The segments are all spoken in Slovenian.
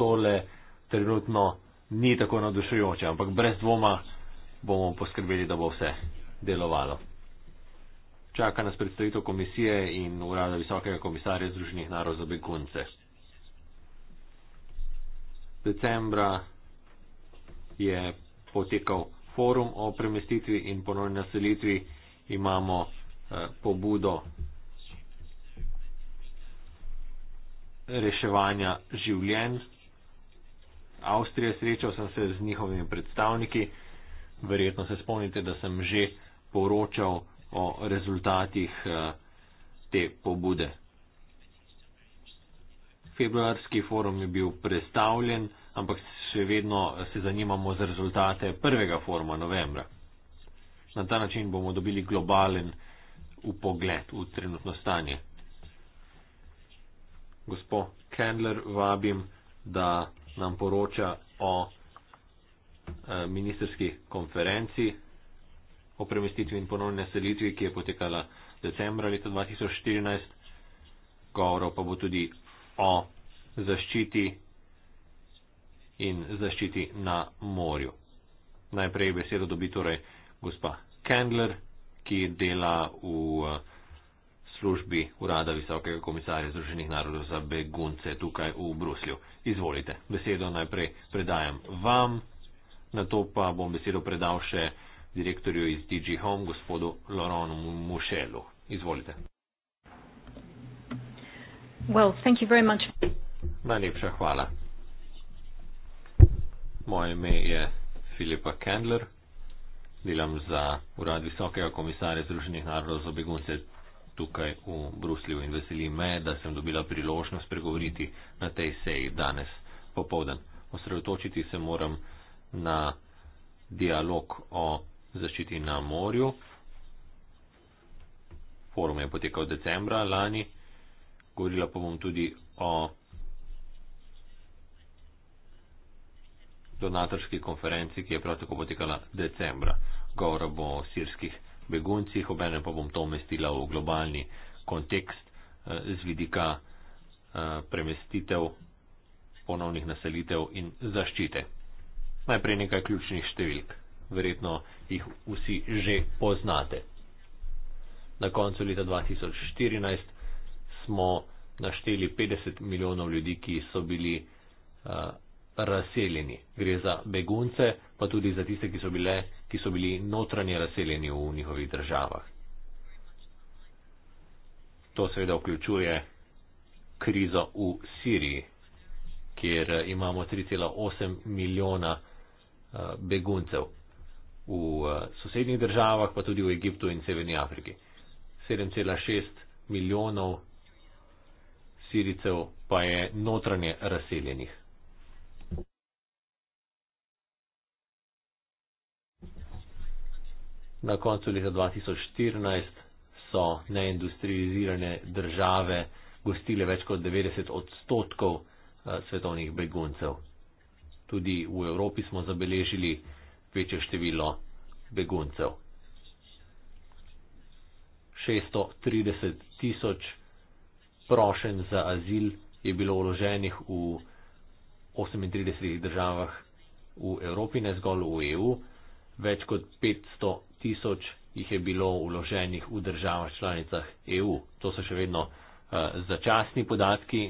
tole trenutno ni tako nadušujoče, ampak brez dvoma bomo poskrbeli, da bo vse delovalo. Čaka nas predstavitev komisije in urada visokega komisarja Združenih narodov za begunce. Decembra je potekal forum o premestitvi in ponovni naselitvi. Imamo eh, pobudo reševanja življenj Avstrije, srečal sem se z njihovimi predstavniki. Verjetno se spomnite, da sem že poročal o rezultatih eh, te pobude. Februarski forum je bil predstavljen, ampak še vedno se zanimamo za rezultate prvega foruma novembra. Na ta način bomo dobili globalen upogled v trenutno stanje. Gospod Kendler, vabim, da nam poroča o eh, ministerski konferenci o premestitvi in ponovni naselitvi, ki je potekala decembra leta 2014. Govoro pa bo tudi o zaščiti in zaščiti na morju. Najprej besedo dobi torej gospa Kendler, ki dela v eh, službi Urada Visokega komisarja Združenih narodov za begunce tukaj v Bruslju. Izvolite, besedo najprej predajam vam, na to pa bom besedo predal še direktorju iz DG Home, gospodu Loronu Mušelu. Izvolite. Well, Najlepša hvala. Moje ime je Filipa Kendler, delam za Urad Visokega komisarja Združenih narodov za begunce tukaj v Bruslju in veseli me, da sem dobila priložnost pregovoriti na tej seji danes popovdan. Osredotočiti se moram na dialog o zaščiti na morju. Forum je potekal decembra lani. Govorila pa bom tudi o donatorski konferenci, ki je prav tako potekala decembra. Govora bo o sirskih beguncih, obenem pa bom to umestila v globalni kontekst eh, z vidika eh, premestitev, ponovnih naselitev in zaščite. Najprej nekaj ključnih številk. Verjetno jih vsi že poznate. Na koncu leta 2014 smo našteli 50 milijonov ljudi, ki so bili uh, razseljeni. Gre za begunce, pa tudi za tiste, ki so bile ki so bili notranje razseljeni v njihovih državah. To seveda vključuje krizo v Siriji, kjer imamo 3,8 milijona eh, beguncev v eh, sosednjih državah, pa tudi v Egiptu in Severni Afriki. 7,6 milijonov Siricev pa je notranje razseljenih. Na koncu leta 2014 so neindustrializirane države gostile več kot 90 odstotkov eh, svetovnih beguncev. Tudi v Evropi smo zabeležili večje število beguncev. 630 tisoč prošen za azil je bilo vloženih v 38 državah v Evropi, ne zgolj v EU. Več kot 500 tisoč jih je bilo uloženih v državah članicah EU. To so še vedno uh, začasni podatki,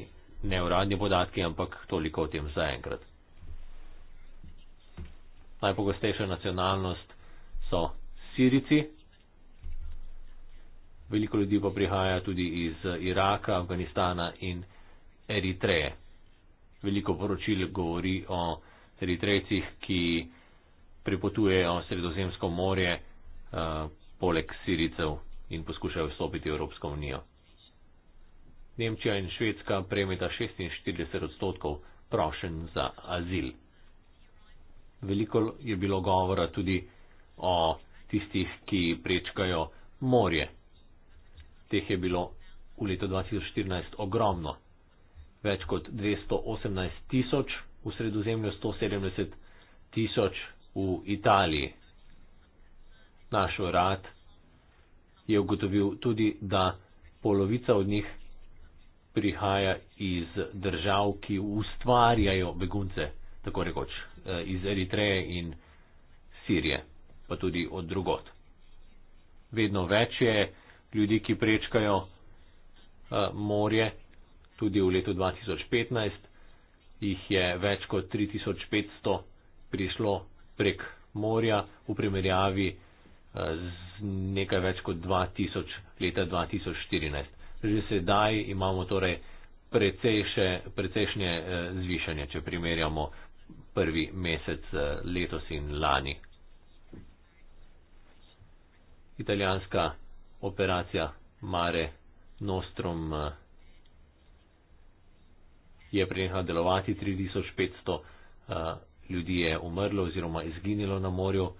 ne uradni podatki, ampak toliko o tem zaenkrat. Najpogostejša nacionalnost so Sirici, veliko ljudi pa prihaja tudi iz Iraka, Afganistana in Eritreje. Veliko poročil govori o Eritrejcih, ki pripotujejo sredozemsko morje uh, poleg Siricev in poskušajo vstopiti v Evropsko unijo. Nemčija in Švedska prejmeta 46 odstotkov prošen za azil. Veliko je bilo govora tudi o tistih, ki prečkajo morje. Teh je bilo v letu 2014 ogromno. Več kot 218 tisoč v sredozemlju, 170 tisoč v Italiji naš urad je ugotovil tudi, da polovica od njih prihaja iz držav, ki ustvarjajo begunce, tako rekoč, e, iz Eritreje in Sirije, pa tudi od drugot. Vedno več je ljudi, ki prečkajo e, morje, tudi v letu 2015 jih je več kot 3500 prišlo prek morja v primerjavi Eh, z nekaj več kot 2000 leta 2014. Že sedaj imamo torej precejšnje eh, zvišanje, če primerjamo prvi mesec eh, letos in lani. Italijanska operacija Mare Nostrum je prenehala delovati 3500 ljudi je umrlo oziroma izginilo na morju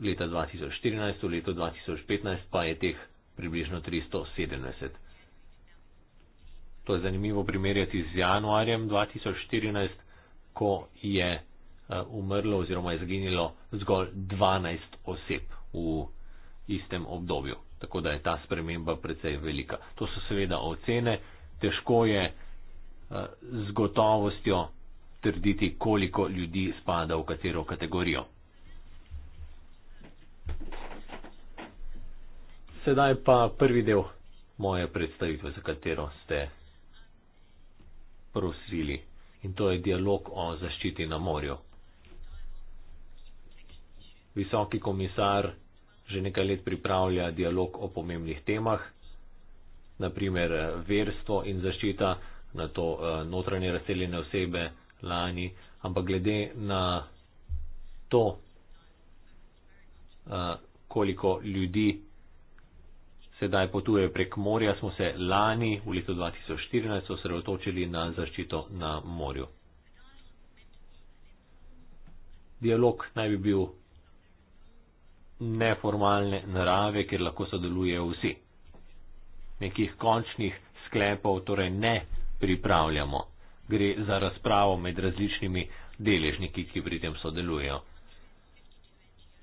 leta 2014, v letu 2015 pa je teh približno 370. To je zanimivo primerjati z januarjem 2014, ko je eh, umrlo oziroma je zginilo zgolj 12 oseb v istem obdobju. Tako da je ta sprememba precej velika. To so seveda ocene, težko je eh, z gotovostjo trditi, koliko ljudi spada v katero kategorijo. Sedaj pa prvi del moje predstavitve, za katero ste prosili in to je dialog o zaščiti na morju. Visoki komisar že nekaj let pripravlja dialog o pomembnih temah, naprimer verstvo in zaščita na to eh, notranje razseljene osebe lani, ampak glede na to, Eh, koliko ljudi sedaj potuje prek morja, smo se lani v letu 2014 osredotočili na zaščito na morju. Dialog naj bi bil neformalne narave, kjer lahko sodelujejo vsi. Nekih končnih sklepov torej ne pripravljamo. Gre za razpravo med različnimi deležniki, ki pri tem sodelujejo.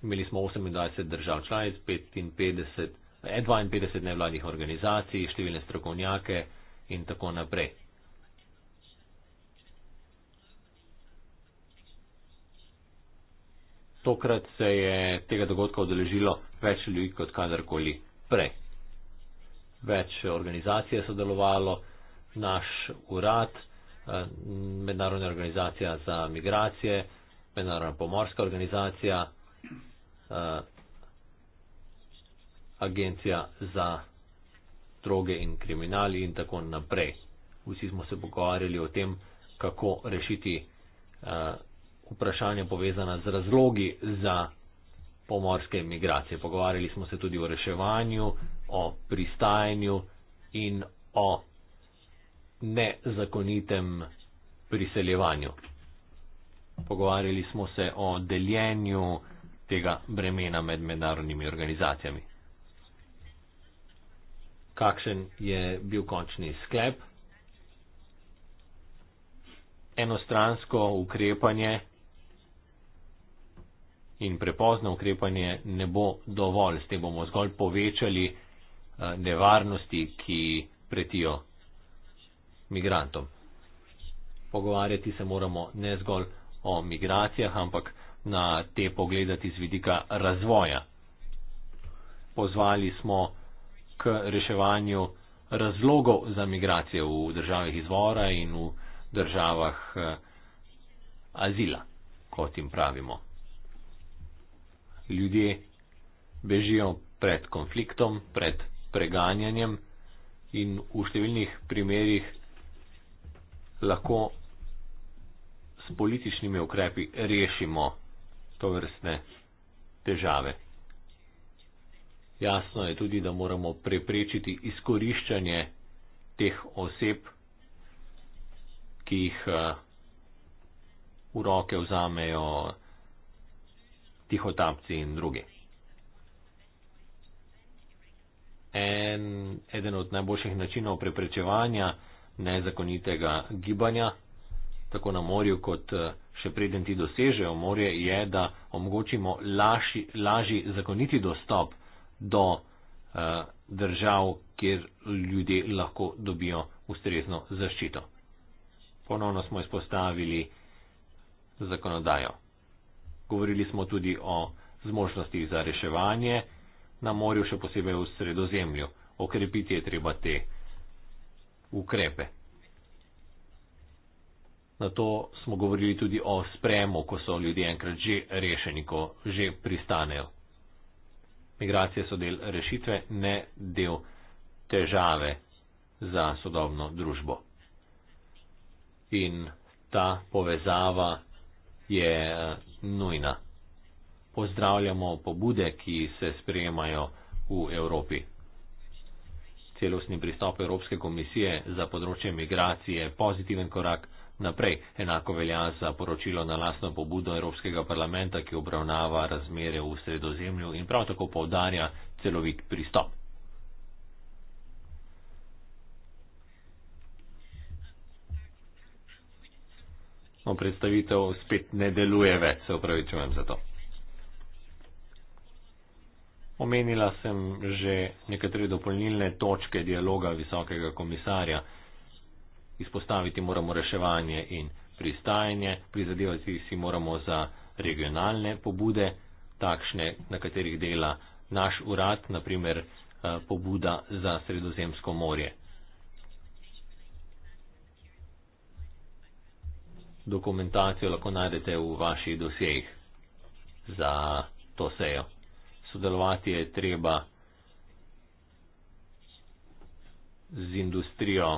Imeli smo 28 držav članic, 55, 52 eh, nevladnih organizacij, številne strokovnjake in tako naprej. Tokrat se je tega dogodka odeležilo več ljudi kot kadarkoli prej. Več organizacij je sodelovalo, naš urad, eh, mednarodna organizacija za migracije, mednarodna pomorska organizacija, Eh, agencija za droge in kriminali in tako naprej. Vsi smo se pogovarjali o tem, kako rešiti uh, eh, vprašanje povezana z razlogi za pomorske migracije. Pogovarjali smo se tudi o reševanju, o pristajanju in o nezakonitem priseljevanju. Pogovarjali smo se o deljenju uh, tega bremena med mednarodnimi organizacijami. Kakšen je bil končni sklep? Enostransko ukrepanje in prepozno ukrepanje ne bo dovolj, s tem bomo zgolj povečali eh, nevarnosti, ki pretijo migrantom. Pogovarjati se moramo ne zgolj o migracijah, ampak na te pogledati z vidika razvoja. Pozvali smo k reševanju razlogov za migracije v državah izvora in v državah eh, azila, kot jim pravimo. Ljudje bežijo pred konfliktom, pred preganjanjem in v številnih primerjih lahko s političnimi ukrepi rešimo to vrstne težave. Jasno je tudi, da moramo preprečiti izkoriščanje teh oseb, ki jih eh, v roke vzamejo tihotapci in drugi. En, eden od najboljših načinov preprečevanja nezakonitega gibanja, tako na morju kot eh, še preden ti dosežejo morje, je, da omogočimo laši, lažji zakoniti dostop do uh, držav, kjer ljudje lahko dobijo ustrezno zaščito. Ponovno smo izpostavili zakonodajo. Govorili smo tudi o zmožnosti za reševanje na morju, še posebej v sredozemlju. Okrepiti je treba te ukrepe. Na to smo govorili tudi o spremu, ko so ljudje enkrat že rešeni, ko že pristanejo. Migracije so del rešitve, ne del težave za sodobno družbo. In ta povezava je eh, nujna. Pozdravljamo pobude, ki se sprejemajo v Evropi. Celostni pristop Evropske komisije za področje migracije je pozitiven korak naprej. Enako velja za poročilo na lastno pobudo Evropskega parlamenta, ki obravnava razmere v sredozemlju in prav tako povdarja celovit pristop. O no, predstavitev spet ne deluje več, se upravičujem za to. Omenila sem že nekatere dopolnilne točke dialoga visokega komisarja. Izpostaviti moramo reševanje in pristajanje, prizadevati si moramo za regionalne pobude, takšne, na katerih dela naš urad, naprimer eh, pobuda za Sredozemsko morje. Dokumentacijo lahko najdete v vaših dosejih za to sejo. Sodelovati je treba z industrijo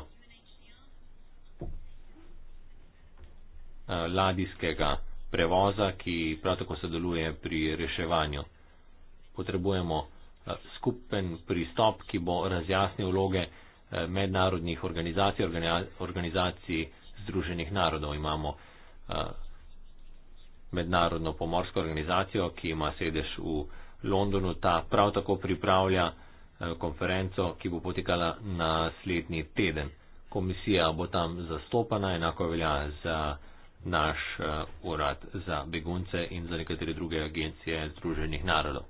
Eh, ladijskega prevoza, ki prav tako sodeluje pri reševanju. Potrebujemo eh, skupen pristop, ki bo razjasnil vloge eh, mednarodnih organizacij, organizacij Združenih narodov. Imamo mednarodno pomorsko organizacijo, ki ima sedež v Londonu. Ta prav tako pripravlja konferenco, ki bo potekala naslednji teden. Komisija bo tam zastopana, enako velja za naš uh, urad za begunce in za nekatere druge agencije Združenih narodov.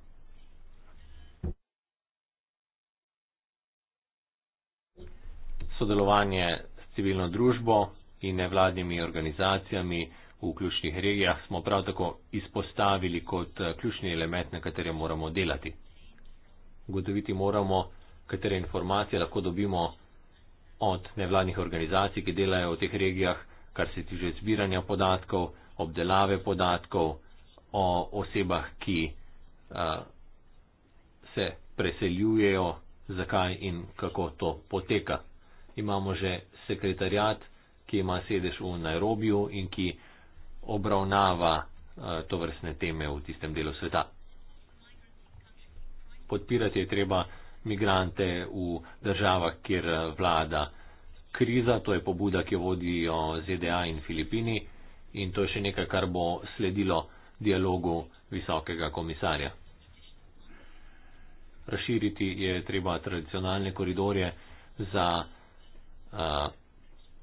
Sodelovanje s civilno družbo in nevladnimi organizacijami v ključnih regijah smo prav tako izpostavili kot eh, ključni element, na katerem moramo delati. Gotoviti moramo, katere informacije lahko dobimo od nevladnih organizacij, ki delajo v teh regijah kar se tiče zbiranja podatkov, obdelave podatkov o osebah, ki eh, se preseljujejo, zakaj in kako to poteka. Imamo že sekretarjat, ki ima sedež v Nairobiju in ki obravnava eh, to vrstne teme v tistem delu sveta. Podpirati je treba migrante v državah, kjer eh, vlada kriza, to je pobuda, ki jo vodijo ZDA in Filipini in to je še nekaj, kar bo sledilo dialogu visokega komisarja. Raširiti je treba tradicionalne koridorje za, uh,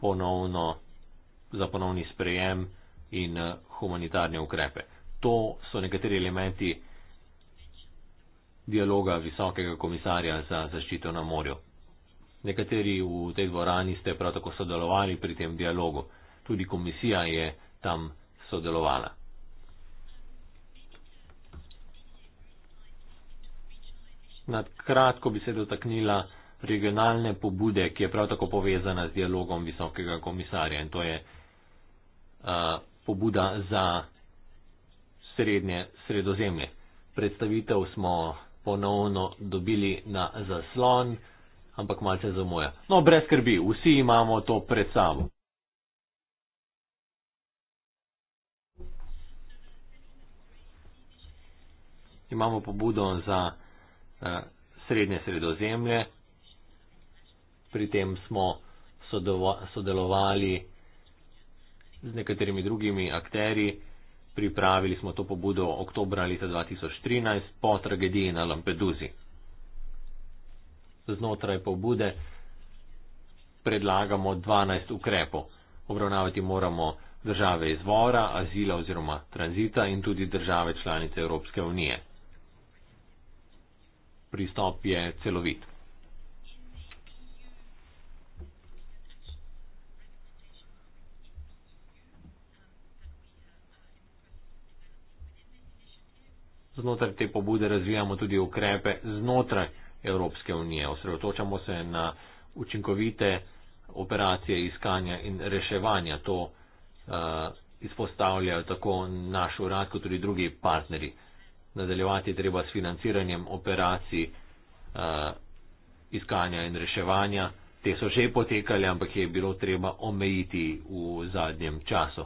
ponovno, za ponovni sprejem in humanitarne ukrepe. To so nekateri elementi dialoga visokega komisarja za zaščito na morju. Nekateri v tej dvorani ste prav tako sodelovali pri tem dialogu. Tudi komisija je tam sodelovala. Nad kratko bi se dotaknila regionalne pobude, ki je prav tako povezana z dialogom visokega komisarja in to je uh, pobuda za srednje sredozemlje. Predstavitev smo ponovno dobili na zaslon ampak malce zamoja. No, brez skrbi, vsi imamo to pred sabo. Imamo pobudo za uh, srednje sredozemlje, pri tem smo sodelo sodelovali z nekaterimi drugimi akteri, pripravili smo to pobudo oktobra leta 2013 po tragediji na Lampeduzi znotraj pobude predlagamo 12 ukrepov. Obravnavati moramo države izvora, azila oziroma tranzita in tudi države članice Evropske unije. Pristop je celovit. Znotraj te pobude razvijamo tudi ukrepe znotraj Evropske unije. Osredotočamo se na učinkovite operacije iskanja in reševanja. To uh, izpostavljajo tako naš urad, kot tudi drugi partneri. Nadaljevati treba s financiranjem operacij uh, iskanja in reševanja. Te so že potekali, ampak je bilo treba omejiti v zadnjem času.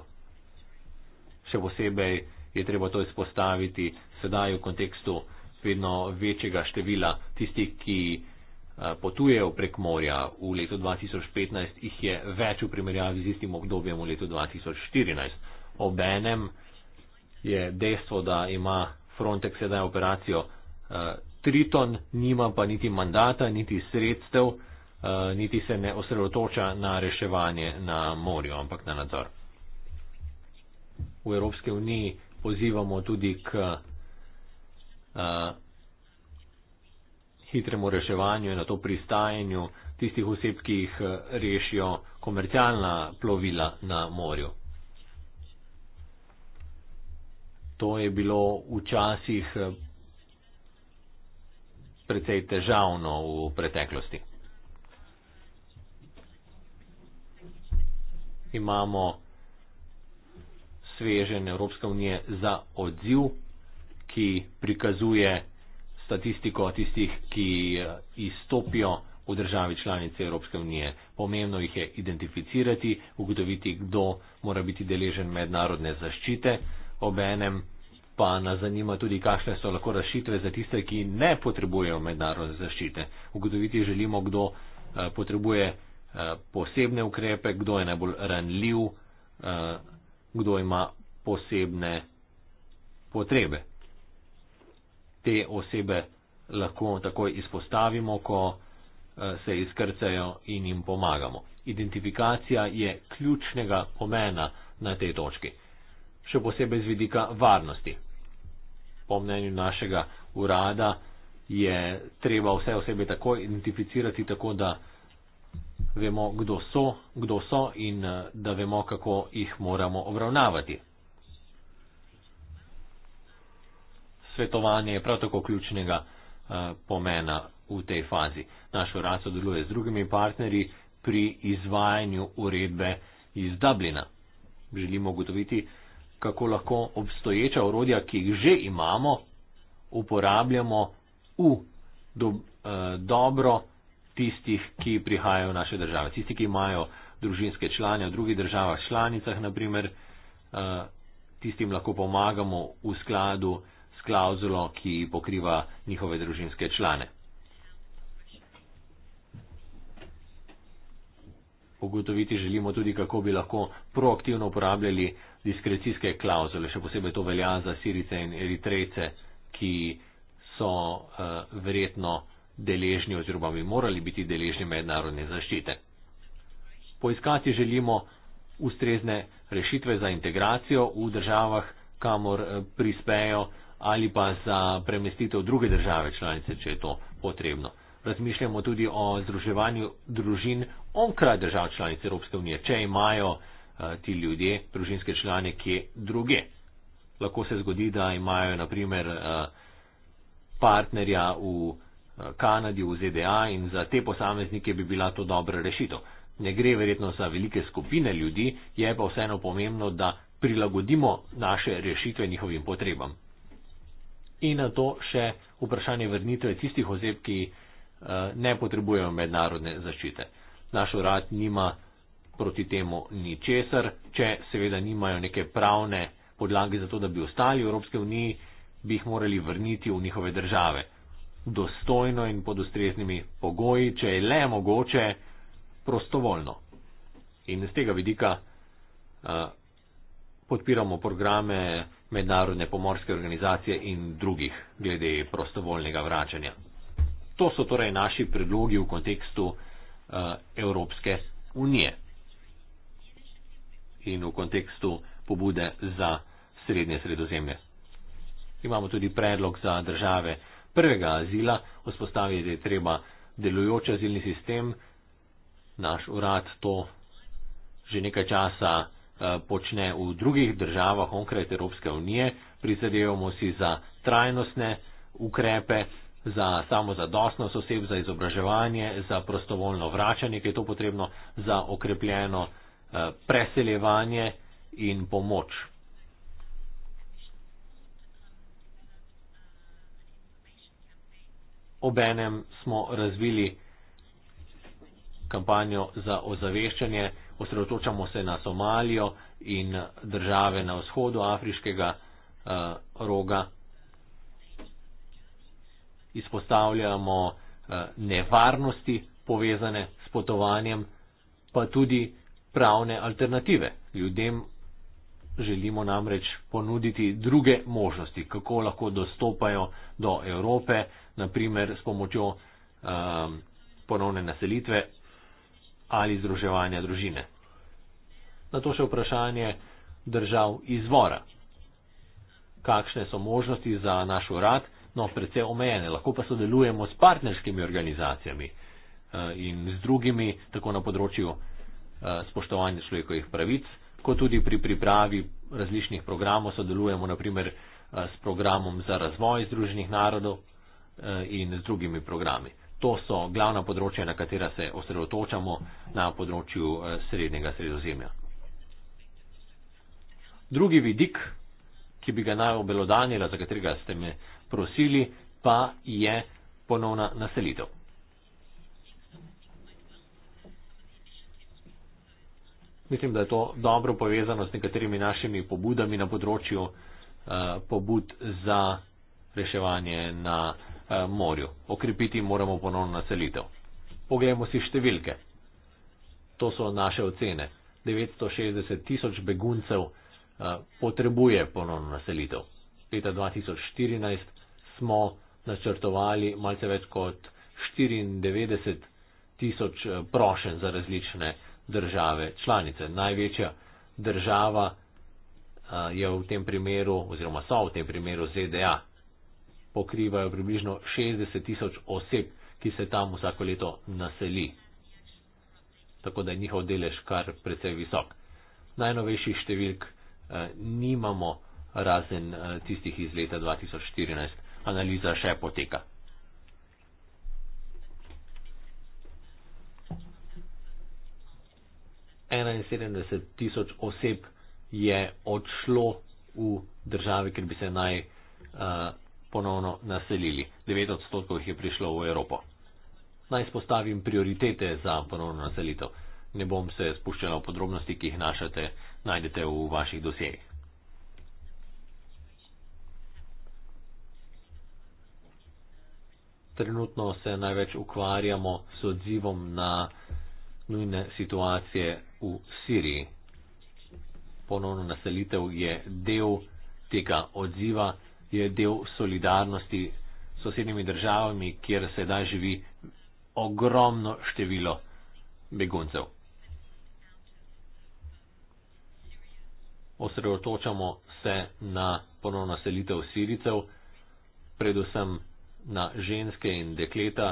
Še posebej je treba to izpostaviti sedaj v kontekstu vedno večjega števila tistih, ki eh, potujejo prek morja v letu 2015, jih je več v primerjavi z istim obdobjem v letu 2014. Obenem je dejstvo, da ima Frontex sedaj operacijo eh, Triton, nima pa niti mandata, niti sredstev, eh, niti se ne osredotoča na reševanje na morju, ampak na nadzor. V Evropske uniji pozivamo tudi k Eh, hitremu reševanju in na to pristajanju tistih oseb, ki jih eh, rešijo komercialna plovila na morju. To je bilo včasih eh, precej težavno v preteklosti. Imamo sveženje Evropske unije za odziv ki prikazuje statistiko tistih, ki eh, izstopijo v državi članice Evropske unije. Pomembno jih je identificirati, ugotoviti, kdo mora biti deležen mednarodne zaščite. Obenem pa nas zanima tudi, kakšne so lahko rešitve za tiste, ki ne potrebujejo mednarodne zaščite. Ugotoviti želimo, kdo eh, potrebuje eh, posebne ukrepe, kdo je najbolj ranljiv, kdo ima posebne potrebe te osebe lahko takoj izpostavimo, ko eh, se izkrcajo in jim pomagamo. Identifikacija je ključnega pomena na tej točki, še posebej z vidika varnosti. Po mnenju našega urada je treba vse osebe takoj identificirati, tako da vemo, kdo so, kdo so in eh, da vemo, kako jih moramo obravnavati. svetovanje je prav tako ključnega eh, pomena v tej fazi. Naš urad sodeluje z drugimi partnerji pri izvajanju uredbe iz Dublina. Želimo ugotoviti, kako lahko obstoječa urodja, ki jih že imamo, uporabljamo v do, eh, dobro tistih, ki prihajajo v naše države. Tisti, ki imajo družinske člane v drugih državah, članicah, naprimer, eh, tistim lahko pomagamo v skladu klauzulo, ki pokriva njihove družinske člane. Ugotoviti želimo tudi, kako bi lahko proaktivno uporabljali diskrecijske klauzule, še posebej to velja za sirice in eritrejce, ki so uh, verjetno deležni oziroma bi morali biti deležni mednarodne zaščite. Poiskati želimo ustrezne rešitve za integracijo v državah, kamor eh, prispejo uh, ali pa za premestitev druge države članice, če je to potrebno. Razmišljamo tudi o združevanju družin onkraj držav članice Evropske unije, če imajo eh, ti ljudje družinske člane kje druge. Lahko se zgodi, da imajo naprimer eh, partnerja v eh, Kanadi, v ZDA in za te posameznike bi bila to dobra rešitev. Ne gre verjetno za velike skupine ljudi, je pa vseeno pomembno, da prilagodimo naše rešitve njihovim potrebam in na to še vprašanje vrnitve tistih oseb, ki eh, ne potrebujejo mednarodne zaščite. Naš urad nima proti temu ni česar, če seveda nimajo neke pravne podlage za to, da bi ostali v Evropske unije, bi jih morali vrniti v njihove države. Dostojno in pod ustreznimi pogoji, če je le mogoče, prostovoljno. In z tega vidika uh, podpiramo programe mednarodne pomorske organizacije in drugih glede prostovoljnega vračanja. To so torej naši predlogi v kontekstu uh, Evropske unije in v kontekstu pobude za srednje sredozemlje. Imamo tudi predlog za države prvega azila, vzpostaviti je treba delujoč azilni sistem, naš urad to že nekaj časa Eh, počne v drugih državah onkraj Evropske unije. Prizadevamo si za trajnostne ukrepe, za samozadostnost oseb, za izobraževanje, za prostovoljno vračanje, ki je to potrebno, za okrepljeno eh, preseljevanje in pomoč. Obenem smo razvili kampanjo za ozaveščanje osredotočamo se na Somalijo in države na vzhodu afriškega uh, roga, izpostavljamo uh, nevarnosti povezane s potovanjem, pa tudi pravne alternative. Ljudem želimo namreč ponuditi druge možnosti, kako lahko dostopajo do Evrope, naprimer s pomočjo um, ponovne naselitve ali združevanja družine. Na to še vprašanje držav izvora. Kakšne so možnosti za naš urad? No, predvsej omejene, lahko pa sodelujemo s partnerskimi organizacijami eh, in z drugimi, tako na področju eh, spoštovanja človekovih pravic, kot tudi pri pripravi različnih programov sodelujemo naprimer eh, s programom za razvoj Združenih narodov in z drugimi programi to so glavna področja, na katera se osredotočamo na področju eh, srednjega sredozemlja. Drugi vidik, ki bi ga naj obelodanila, za katerega ste me prosili, pa je ponovna naselitev. Mislim, da je to dobro povezano s nekaterimi našimi pobudami na področju eh, pobud za reševanje na Eh, morju. Okrepiti moramo ponovno naselitev. Poglejmo si številke. To so naše ocene. 960 tisoč beguncev eh, potrebuje ponovno naselitev. Leta 2014 smo načrtovali malce več kot 94 tisoč eh, prošen za različne države članice. Največja država je v tem primeru, oziroma so v tem primeru ZDA, pokrivajo približno 60 tisoč oseb, ki se tam vsako leto naseli. Tako da je njihov delež kar precej visok. Najnovejših številk eh, nimamo, razen eh, tistih iz leta 2014. Analiza še poteka. tisoč oseb je odšlo v države, kjer bi se naj uh, ponovno naselili. 9 odstotkov jih je prišlo v Evropo. Naj spostavim prioritete za ponovno naselitev. Ne bom se spuščala v podrobnosti, ki jih našate, najdete v vaših dosjejih. Trenutno se največ ukvarjamo s odzivom na nujne situacije v Siriji. Ponovno naselitev je del tega odziva je del solidarnosti s sosednjimi državami, kjer sedaj živi ogromno število beguncev. Osredotočamo se na ponovno selitev siricev, predvsem na ženske in dekleta,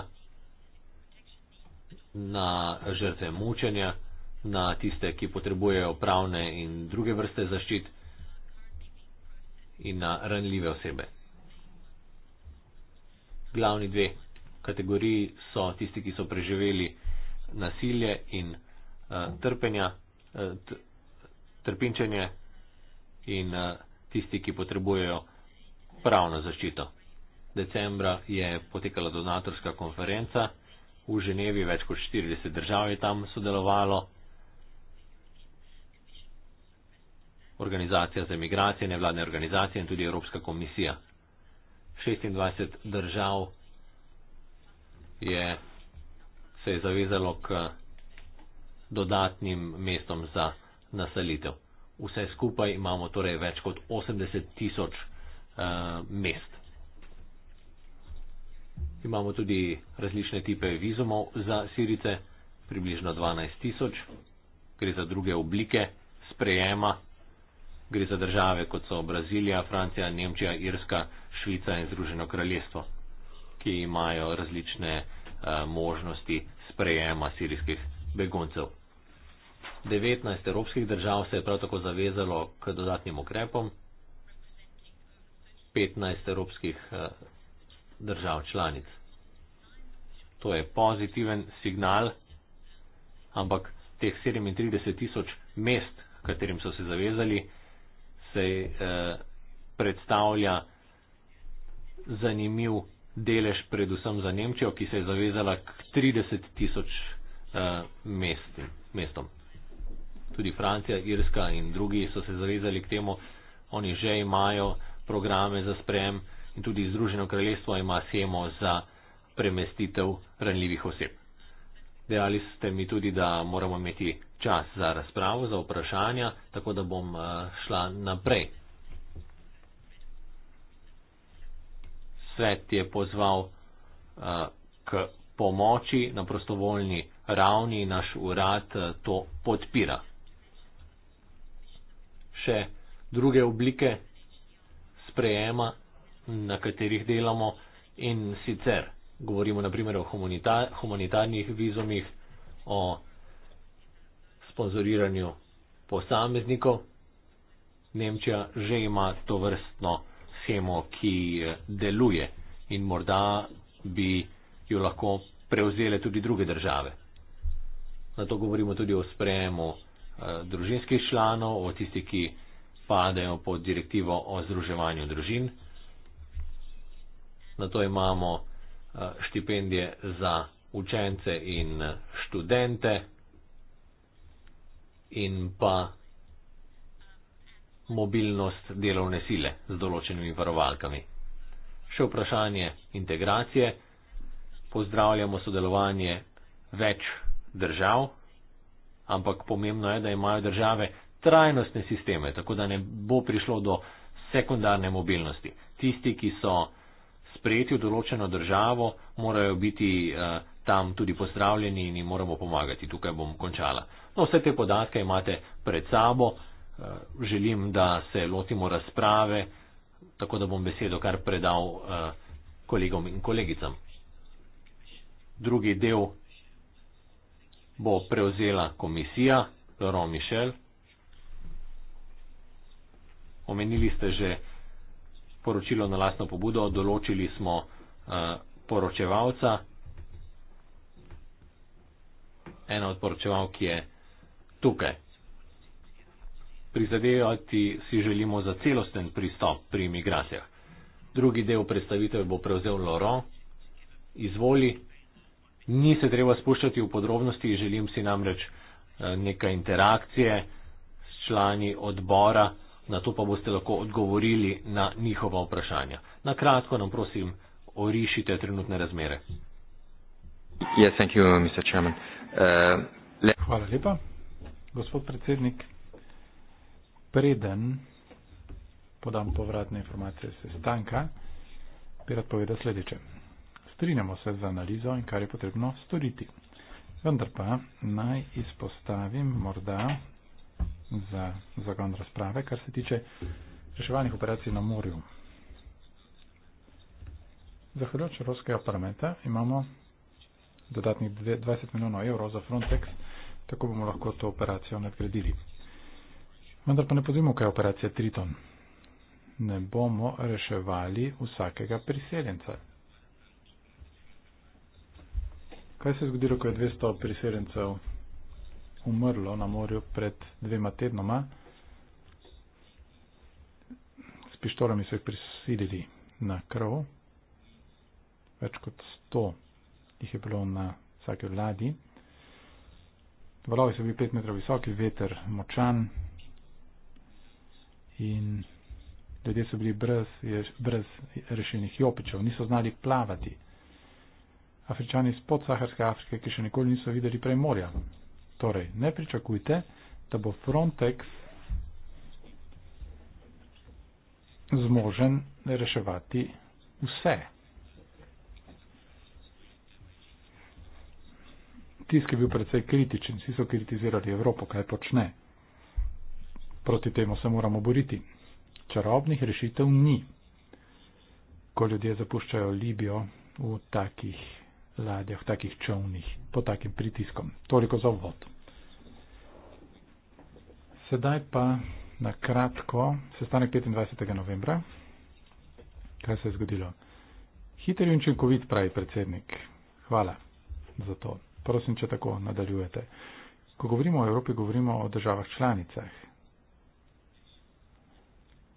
na žrtve mučenja, na tiste, ki potrebujejo pravne in druge vrste zaščit in na ranljive osebe. Glavni dve kategoriji so tisti, ki so preživeli nasilje in eh, trpenja, eh, trpinčenje in eh, tisti, ki potrebujejo pravno zaščito. Decembra je potekala donatorska konferenca v Ženevi, več kot 40 držav je tam sodelovalo. organizacija za migracije, nevladne organizacije in tudi Evropska komisija. 26 držav je, se je zavezalo k dodatnim mestom za naselitev. Vse skupaj imamo torej več kot 80 tisoč uh, mest. Imamo tudi različne tipe vizumov za sirice, približno 12 tisoč, gre za druge oblike sprejema Gre za države, kot so Brazilija, Francija, Nemčija, Irska, Švica in Združeno kraljestvo, ki imajo različne uh, možnosti sprejema sirijskih beguncev. 19 evropskih držav se je prav tako zavezalo k dodatnim ukrepom, 15 evropskih uh, držav članic. To je pozitiven signal, ampak teh 37 tisoč mest, katerim so se zavezali, se eh, predstavlja zanimiv delež predvsem za Nemčijo, ki se je zavezala k 30 tisoč eh, mestom. Tudi Francija, Irska in drugi so se zavezali k temu, oni že imajo programe za sprejem in tudi Združeno kraljestvo ima schemo za premestitev ranljivih oseb. Dejali ste mi tudi, da moramo imeti čas za razpravo, za vprašanja, tako da bom eh, šla naprej. Svet je pozval eh, k pomoči na prostovoljni ravni, naš urad eh, to podpira. Še druge oblike sprejema, na katerih delamo in sicer govorimo naprimer o humanitar humanitarnih vizumih, o sponzoriranju posameznikov. Nemčija že ima to vrstno schemo, ki eh, deluje in morda bi jo lahko prevzele tudi druge države. Zato govorimo tudi o sprejemu eh, družinskih članov, o tistih, ki padejo pod direktivo o združevanju družin. Na to imamo eh, štipendije za učence in študente in pa mobilnost delovne sile z določenimi varovalkami. Še vprašanje integracije. Pozdravljamo sodelovanje več držav, ampak pomembno je, da imajo države trajnostne sisteme, tako da ne bo prišlo do sekundarne mobilnosti. Tisti, ki so sprejeti v določeno državo, morajo biti uh, tam tudi pozdravljeni in jim moramo pomagati. Tukaj bom končala. No, vse te podatke imate pred sabo. Eh, želim, da se lotimo razprave, tako da bom besedo kar predal eh, kolegom in kolegicam. Drugi del bo prevzela komisija Laurent Michel. Omenili ste že poročilo na lastno pobudo, določili smo eh, poročevalca, ena od poročevalk je tukaj. Prizadevati si želimo za celosten pristop pri imigracijah. Drugi del predstavitev bo prevzel Loro. Izvoli, ni se treba spuščati v podrobnosti, želim si namreč eh, neka interakcije s člani odbora, na to pa boste lahko odgovorili na njihova vprašanja. Na kratko nam prosim, orišite trenutne razmere. Yes, thank you, Mr. Chairman. Uh, Hvala lepa. Gospod predsednik, preden podam povratne informacije sestanka, bi rad povedal sledeče. Strinjamo se z analizo in kar je potrebno storiti. Vendar pa naj izpostavim morda za zagon razprave, kar se tiče reševalnih operacij na morju. Zahvaljujoč Evropskega parlamenta imamo dodatnih 20 milijonov evrov za Frontex, tako bomo lahko to operacijo nadgradili. Vendar pa ne pozimo, kaj je operacija Triton. Ne bomo reševali vsakega priseljenca. Kaj se je zgodilo, ko je 200 priseljencev umrlo na morju pred dvema tednoma? S pištolami so jih prisilili na krov. Več kot 100 jih je bilo na vsaki vladi. Valovi so bili 5 metrov visoki, veter močan in ljudje so bili brez, brez rešenih jopičev, niso znali plavati. Afričani iz podsaharske Afrike, ki še nikoli niso videli prej morja. Torej, ne pričakujte, da bo Frontex zmožen reševati vse. tisk je bil predvsej kritičen, vsi so kritizirali Evropo, kaj počne. Proti temu se moramo boriti. Čarobnih rešitev ni. Ko ljudje zapuščajo Libijo v takih ladjah, v takih čovnih, pod takim pritiskom. Toliko za vod. Sedaj pa na kratko, sestanek 25. novembra. Kaj se je zgodilo? Hiter in učinkovit, pravi predsednik. Hvala za to prosim, če tako nadaljujete. Ko govorimo o Evropi, govorimo o državah članicah.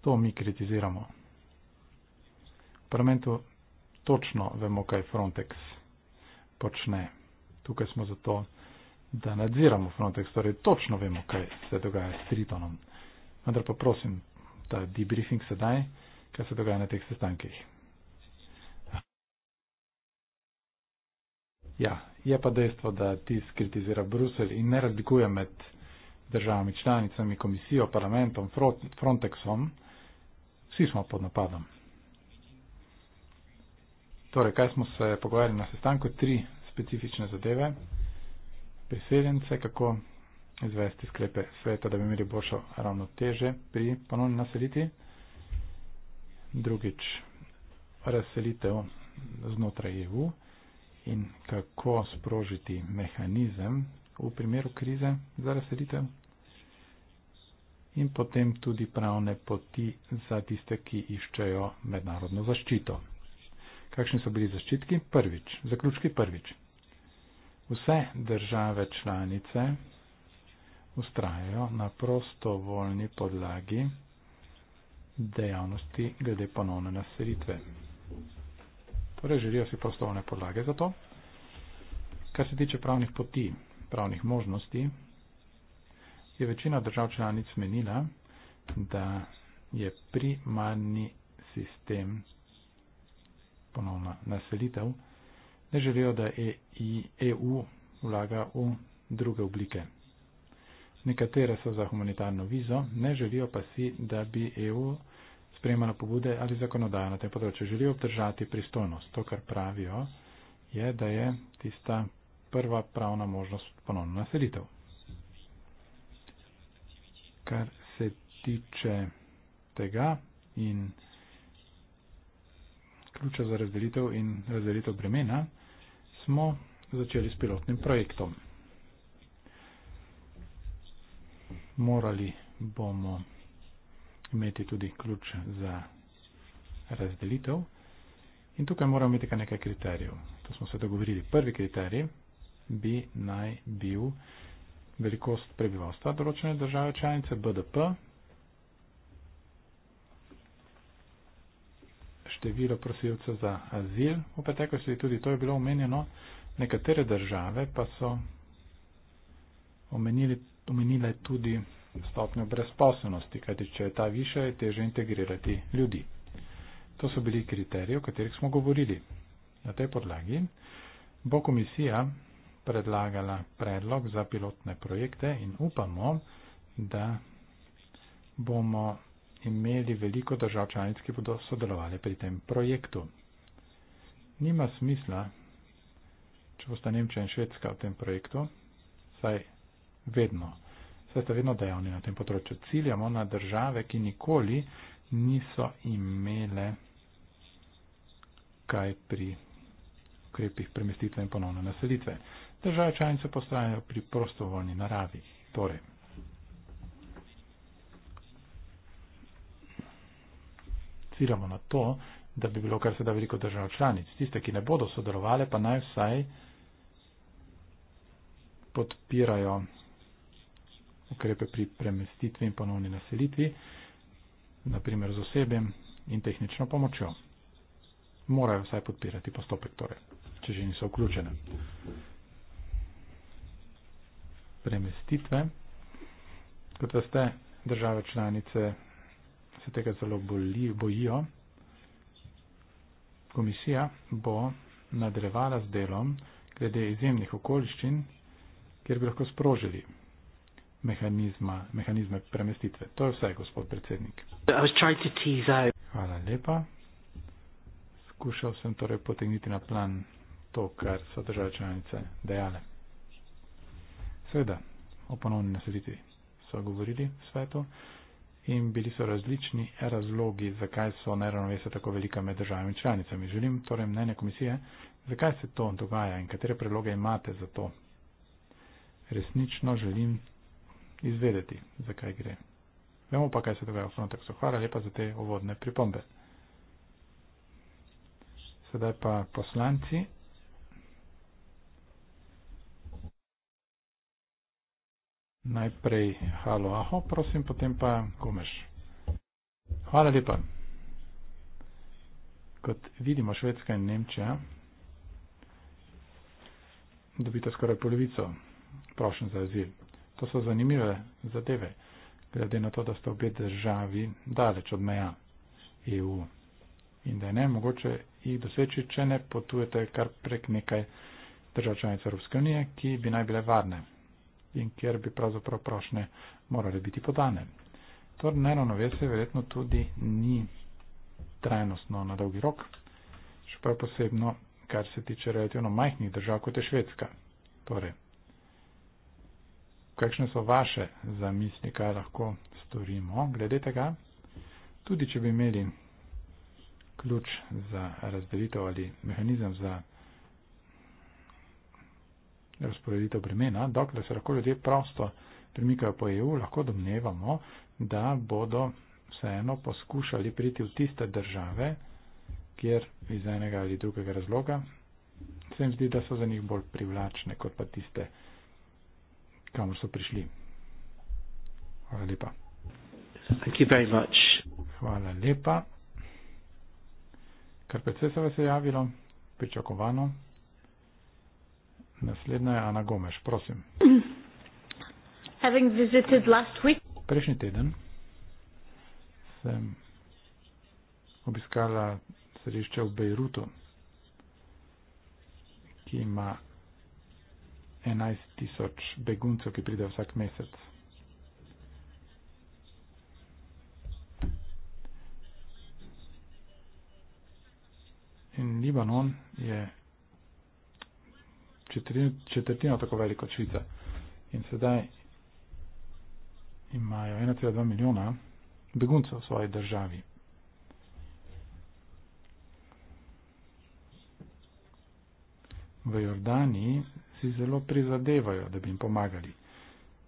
To mi kritiziramo. V parlamentu točno vemo, kaj Frontex počne. Tukaj smo zato, da nadziramo Frontex, torej točno vemo, kaj se dogaja s Tritonom. Vendar pa prosim, ta debriefing sedaj, kaj se dogaja na teh sestankih. Ja, Je pa dejstvo, da tisk kritizira Bruselj in ne razlikuje med državami članicami, komisijo, parlamentom, Frontexom. Vsi smo pod napadom. Torej, kaj smo se pogovarjali na sestanku? Tri specifične zadeve. Priseljence, kako izvesti sklepe sveta, da bi imeli boljšo ravnoteže pri ponovni naseliti. Drugič, razselitev znotraj EU in kako sprožiti mehanizem v primeru krize za razselitev in potem tudi pravne poti za tiste, ki iščejo mednarodno zaščito. Kakšni so bili zaščitki? Prvič, zaključki prvič. Vse države članice ustrajajo na prostovoljni podlagi dejavnosti glede ponovne naselitve torej želijo si prostovne podlage za to. Kar se tiče pravnih poti, pravnih možnosti, je večina držav članic menila, da je primarni sistem ponovna naselitev, da želijo, da EU e vlaga v druge oblike. Nekatere so za humanitarno vizo, ne želijo pa si, da bi EU sprejemala pobude ali zakonodajo na tem področju. Želijo obdržati pristojnost. To, kar pravijo, je, da je tista prva pravna možnost ponovno naselitev. Kar se tiče tega in ključa za razdelitev in razdelitev bremena, smo začeli s pilotnim projektom. Morali bomo imeti tudi ključ za razdelitev. In tukaj moramo imeti kar nekaj kriterijev. To smo se dogovorili. Prvi kriterij bi naj bil velikost prebivalstva določene države članice, BDP, število prosilcev za azil v preteklosti, tudi to je bilo omenjeno, nekatere države pa so omenili, omenile tudi stopnjo brezposobnosti, kajti če je ta više, je teže integrirati ljudi. To so bili kriteriji, o katerih smo govorili. Na tej podlagi bo komisija predlagala predlog za pilotne projekte in upamo, da bomo imeli veliko držav članic, ki bodo sodelovali pri tem projektu. Nima smisla, če bosta Nemčija in Švedska v tem projektu, saj vedno saj ste vedno dejavni na tem področju. Ciljamo na države, ki nikoli niso imele kaj pri ukrepih premestitve in ponovne naselitve. Države članice postajajo pri prostovoljni naravi. Torej, ciljamo na to, da bi bilo kar se da veliko držav članic. Tiste, ki ne bodo sodelovali, pa naj vsaj podpirajo ukrepe pri premestitvi in ponovni naselitvi, naprimer z osebjem in tehnično pomočjo. Morajo vsaj podpirati postopek, torej, če že niso vključene. Premestitve. Kot veste, države članice se tega zelo boli, bojijo. Komisija bo nadrevala z delom glede izjemnih okoliščin, kjer bi lahko sprožili mehanizma, mehanizme premestitve. To je vse, gospod predsednik. Hvala lepa. Skušal sem torej potegniti na plan to, kar so države članice dejale. Seveda, o ponovni naseditvi so govorili svetu in bili so različni razlogi, zakaj so neravnovesja tako velika med državami članicami. Želim torej mnenje komisije, zakaj se to dogaja in katere predloge imate za to. Resnično želim izvedeti, zakaj gre. Vemo pa, kaj se dogaja v Frontexu. Hvala lepa za te uvodne pripombe. Sedaj pa poslanci. Najprej halo aho, prosim, potem pa gumeš. Hvala lepa. Kot vidimo, Švedska in Nemčija dobita skoraj polovico prošen za azil. To so zanimive zadeve, glede na to, da sta obe državi daleč od meja EU in da je ne mogoče jih doseči, če ne potujete kar prek nekaj držav članic Evropske unije, ki bi naj bile varne in kjer bi pravzaprav prošne morale biti podane. To neravnovesje verjetno tudi ni trajnostno na dolgi rok, še prav posebno, kar se tiče relativno majhnih držav, kot je Švedska. Torej, kakšne so vaše zamisli, kaj lahko storimo glede tega. Tudi, če bi imeli ključ za razdelitev ali mehanizem za razporeditev bremena, dokler se lahko ljudje prosto premikajo po EU, lahko domnevamo, da bodo vseeno poskušali priti v tiste države, kjer iz enega ali drugega razloga se jim zdi, da so za njih bolj privlačne kot pa tiste države kamor so prišli. Hvala lepa. Thank you very much. Hvala lepa. Kar predvsej se vas je javilo, pričakovano. Naslednja je Ana Gomeš, prosim. Having visited last week. Prejšnji teden sem obiskala središče v Bejrutu, ki ima 11 tisoč beguncev, ki pridejo vsak mesec. In Libanon je četrtina, četrtina tako velika kot Švica. In sedaj imajo 1,2 milijona beguncev v svoji državi. V Jordaniji si zelo prizadevajo, da bi jim pomagali.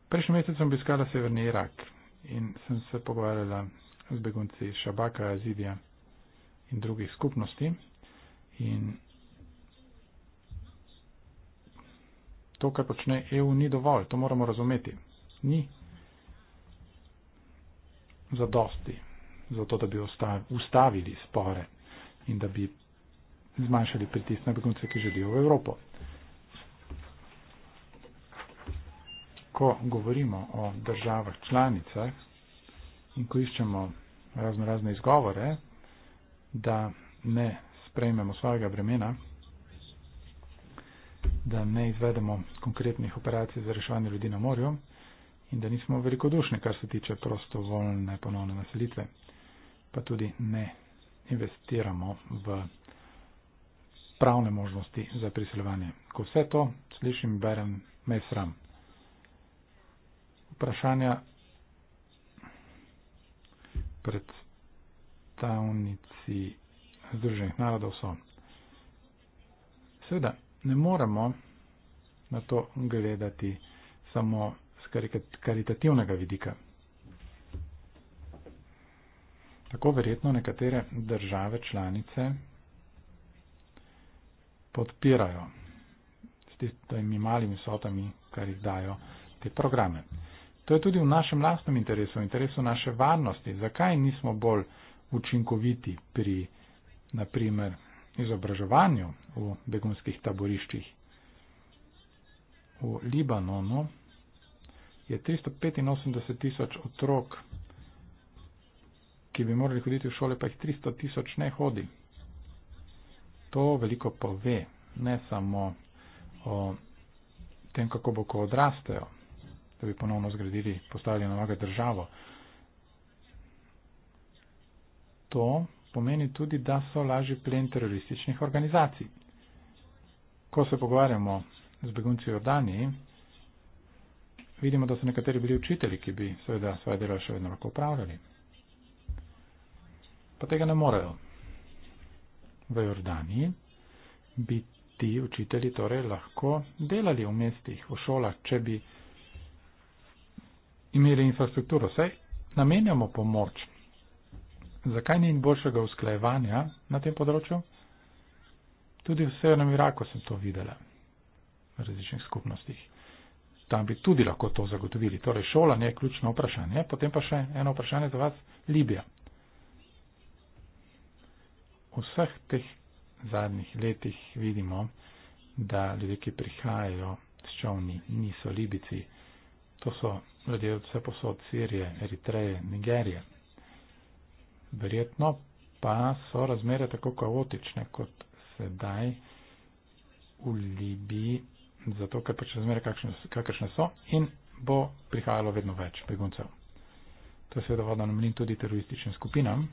Prejšnji mesec sem obiskala severni Irak in sem se pogovarjala z begunci Šabaka, Azidija in drugih skupnosti. In to, kar počne EU, ni dovolj, to moramo razumeti. Ni zadosti za to, da bi ustavili spore in da bi zmanjšali pritisk na begunce, ki želijo v Evropo. ko govorimo o državah članicah in ko iščemo razno razne izgovore, da ne sprejmemo svojega bremena, da ne izvedemo konkretnih operacij za reševanje ljudi na morju in da nismo velikodušni, kar se tiče prostovoljne ponovne naselitve, pa tudi ne investiramo v pravne možnosti za priseljevanje. Ko vse to slišim, berem, me sram vprašanja predstavnici Združenih narodov so. Seveda, ne moramo na to gledati samo z karitativnega vidika. Tako verjetno nekatere države članice podpirajo s tistimi malimi sotami, kar jih dajo te programe. To je tudi v našem lastnem interesu, v interesu naše varnosti. Zakaj nismo bolj učinkoviti pri, naprimer, izobraževanju v begunskih taboriščih? V Libanonu je 385 tisoč otrok, ki bi morali hoditi v šole, pa jih 300 tisoč ne hodi. To veliko pove, ne samo o tem, kako bo ko odrastejo da bi ponovno zgradili, postavili novega državo. To pomeni tudi, da so lažji plen terorističnih organizacij. Ko se pogovarjamo z begunci v Jordaniji, vidimo, da so nekateri bili učitelji, ki bi seveda svoje delo še vedno lahko upravljali. Pa tega ne morejo. V Jordaniji bi ti učitelji torej lahko delali v mestih, v šolah, če bi imeli infrastrukturo, saj namenjamo pomoč. Zakaj ni boljšega usklajevanja na tem področju? Tudi v severnem Iraku sem to videla, v različnih skupnostih. Tam bi tudi lahko to zagotovili. Torej, šola ni ključno vprašanje. Potem pa še eno vprašanje za vas, Libija. V vseh teh zadnjih letih vidimo, da ljudje, ki prihajajo s čovni, niso Libici. To so ljudje vse posod Sirije, Eritreje, Nigerije. Verjetno pa so razmere tako kaotične kot sedaj v Libiji, zato ker pač razmere kakšne, kakšne so in bo prihajalo vedno več beguncev. To je seveda voda namenjen tudi terorističnim skupinam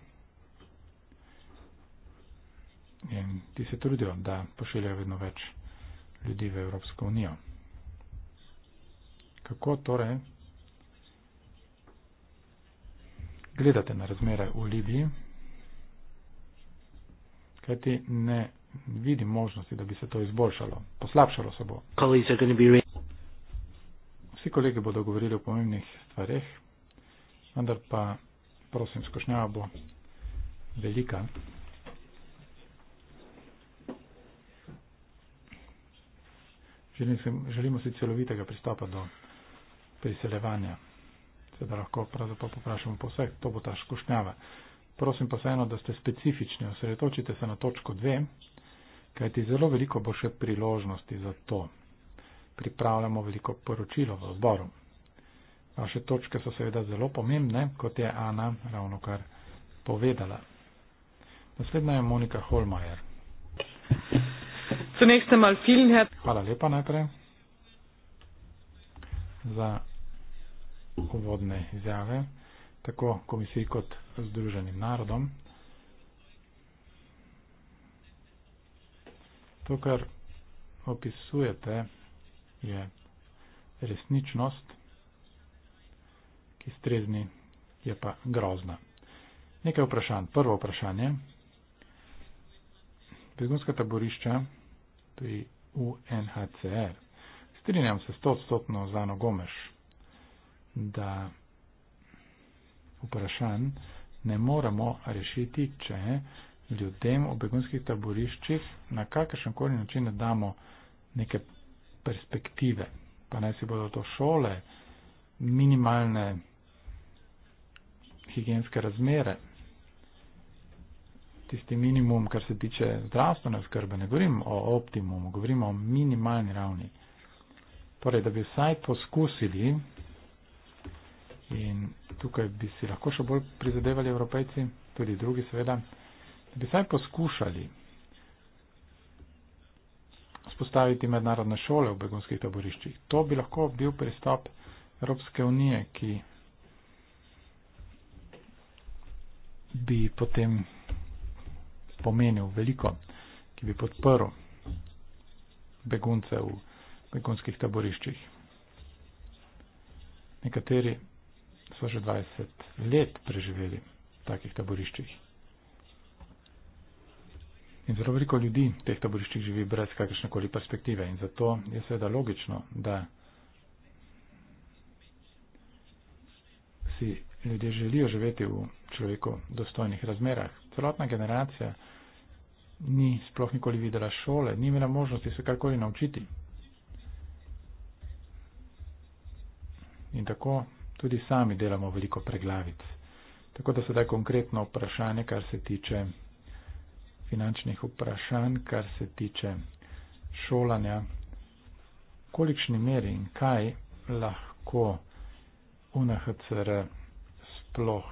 in ti se trudijo, da pošiljajo vedno več ljudi v Evropsko unijo kako torej gledate na razmere v Libiji, kajti ne vidim možnosti, da bi se to izboljšalo. Poslabšalo se bo. Vsi kolegi bodo govorili o pomembnih stvareh, vendar pa, prosim, skošnjava bo velika. Želim, želimo si celovitega pristopa do priseljevanja. Sedaj lahko pravzaprav poprašamo po vseh, to bo ta škošnjava. Prosim pa vseeno, da ste specifični, osredotočite se na točko 2, kajti zelo veliko bo še priložnosti za to. Pripravljamo veliko poročilo v odboru. Vaše točke so seveda zelo pomembne, kot je Ana ravno kar povedala. Naslednja je Monika Holmajer. Hvala lepa najprej za uvodne izjave, tako komisiji kot Združenim narodom. To, kar opisujete, je resničnost, ki strezni, je pa grozna. Nekaj vprašanj. Prvo vprašanje. Begunska taborišča, to je UNHCR, strinjam se stotstotno z Ano Gomeš, da vprašanj ne moramo rešiti, če ljudem v begunskih taboriščih na kakršen koli način ne damo neke perspektive. Pa naj si bodo to šole, minimalne higijenske razmere, tisti minimum, kar se tiče zdravstvene skrbe, ne govorim o optimumu, govorim o minimalni ravni. Torej, da bi vsaj poskusili in tukaj bi si lahko še bolj prizadevali evropejci, tudi drugi seveda, da bi vsaj poskušali spostaviti mednarodne šole v begunskih taboriščih. To bi lahko bil pristop Evropske unije, ki bi potem pomenil veliko, ki bi podprl begunce v begunskih taboriščih. Nekateri so že 20 let preživeli v takih taboriščih. In zelo veliko ljudi v teh taboriščih živi brez kakršne koli perspektive. In zato je seveda logično, da si ljudje želijo živeti v človeku dostojnih razmerah. Celotna generacija ni sploh nikoli videla šole, ni imela možnosti se karkoli naučiti. In tako tudi sami delamo veliko preglavic. Tako da sedaj konkretno vprašanje, kar se tiče finančnih vprašanj, kar se tiče šolanja, kolikšni meri in kaj lahko UNHCR sploh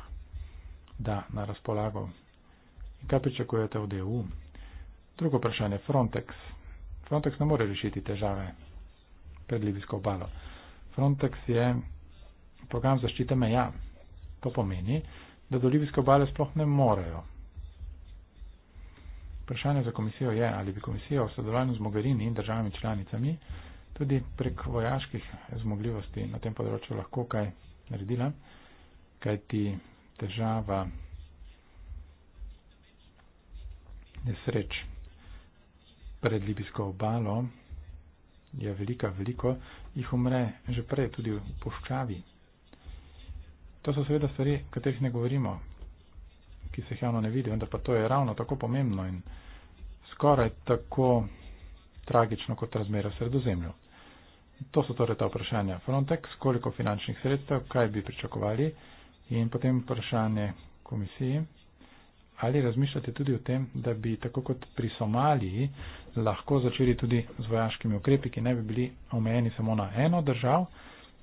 da na razpolago in kaj pričakujete od EU. Drugo vprašanje, Frontex. Frontex ne more rešiti težave pred Libijsko obalo. Frontex je program zaščite meja. To pomeni, da do libijske obale sploh ne morejo. Vprašanje za komisijo je, ali bi komisija v sodelovanju z Mogherini in državami članicami tudi prek vojaških zmogljivosti na tem področju lahko kaj naredila, kaj ti težava nesreč pred libijsko obalo je velika, veliko, jih umre že prej tudi v poščavi To so seveda stvari, o katerih ne govorimo, ki se jih javno ne vidi, vendar pa to je ravno tako pomembno in skoraj tako tragično kot razmera v sredozemlju. To so torej ta vprašanja. Frontex, koliko finančnih sredstev, kaj bi pričakovali in potem vprašanje komisiji, ali razmišljate tudi o tem, da bi tako kot pri Somaliji lahko začeli tudi z vojaškimi ukrepi, ki ne bi bili omejeni samo na eno državo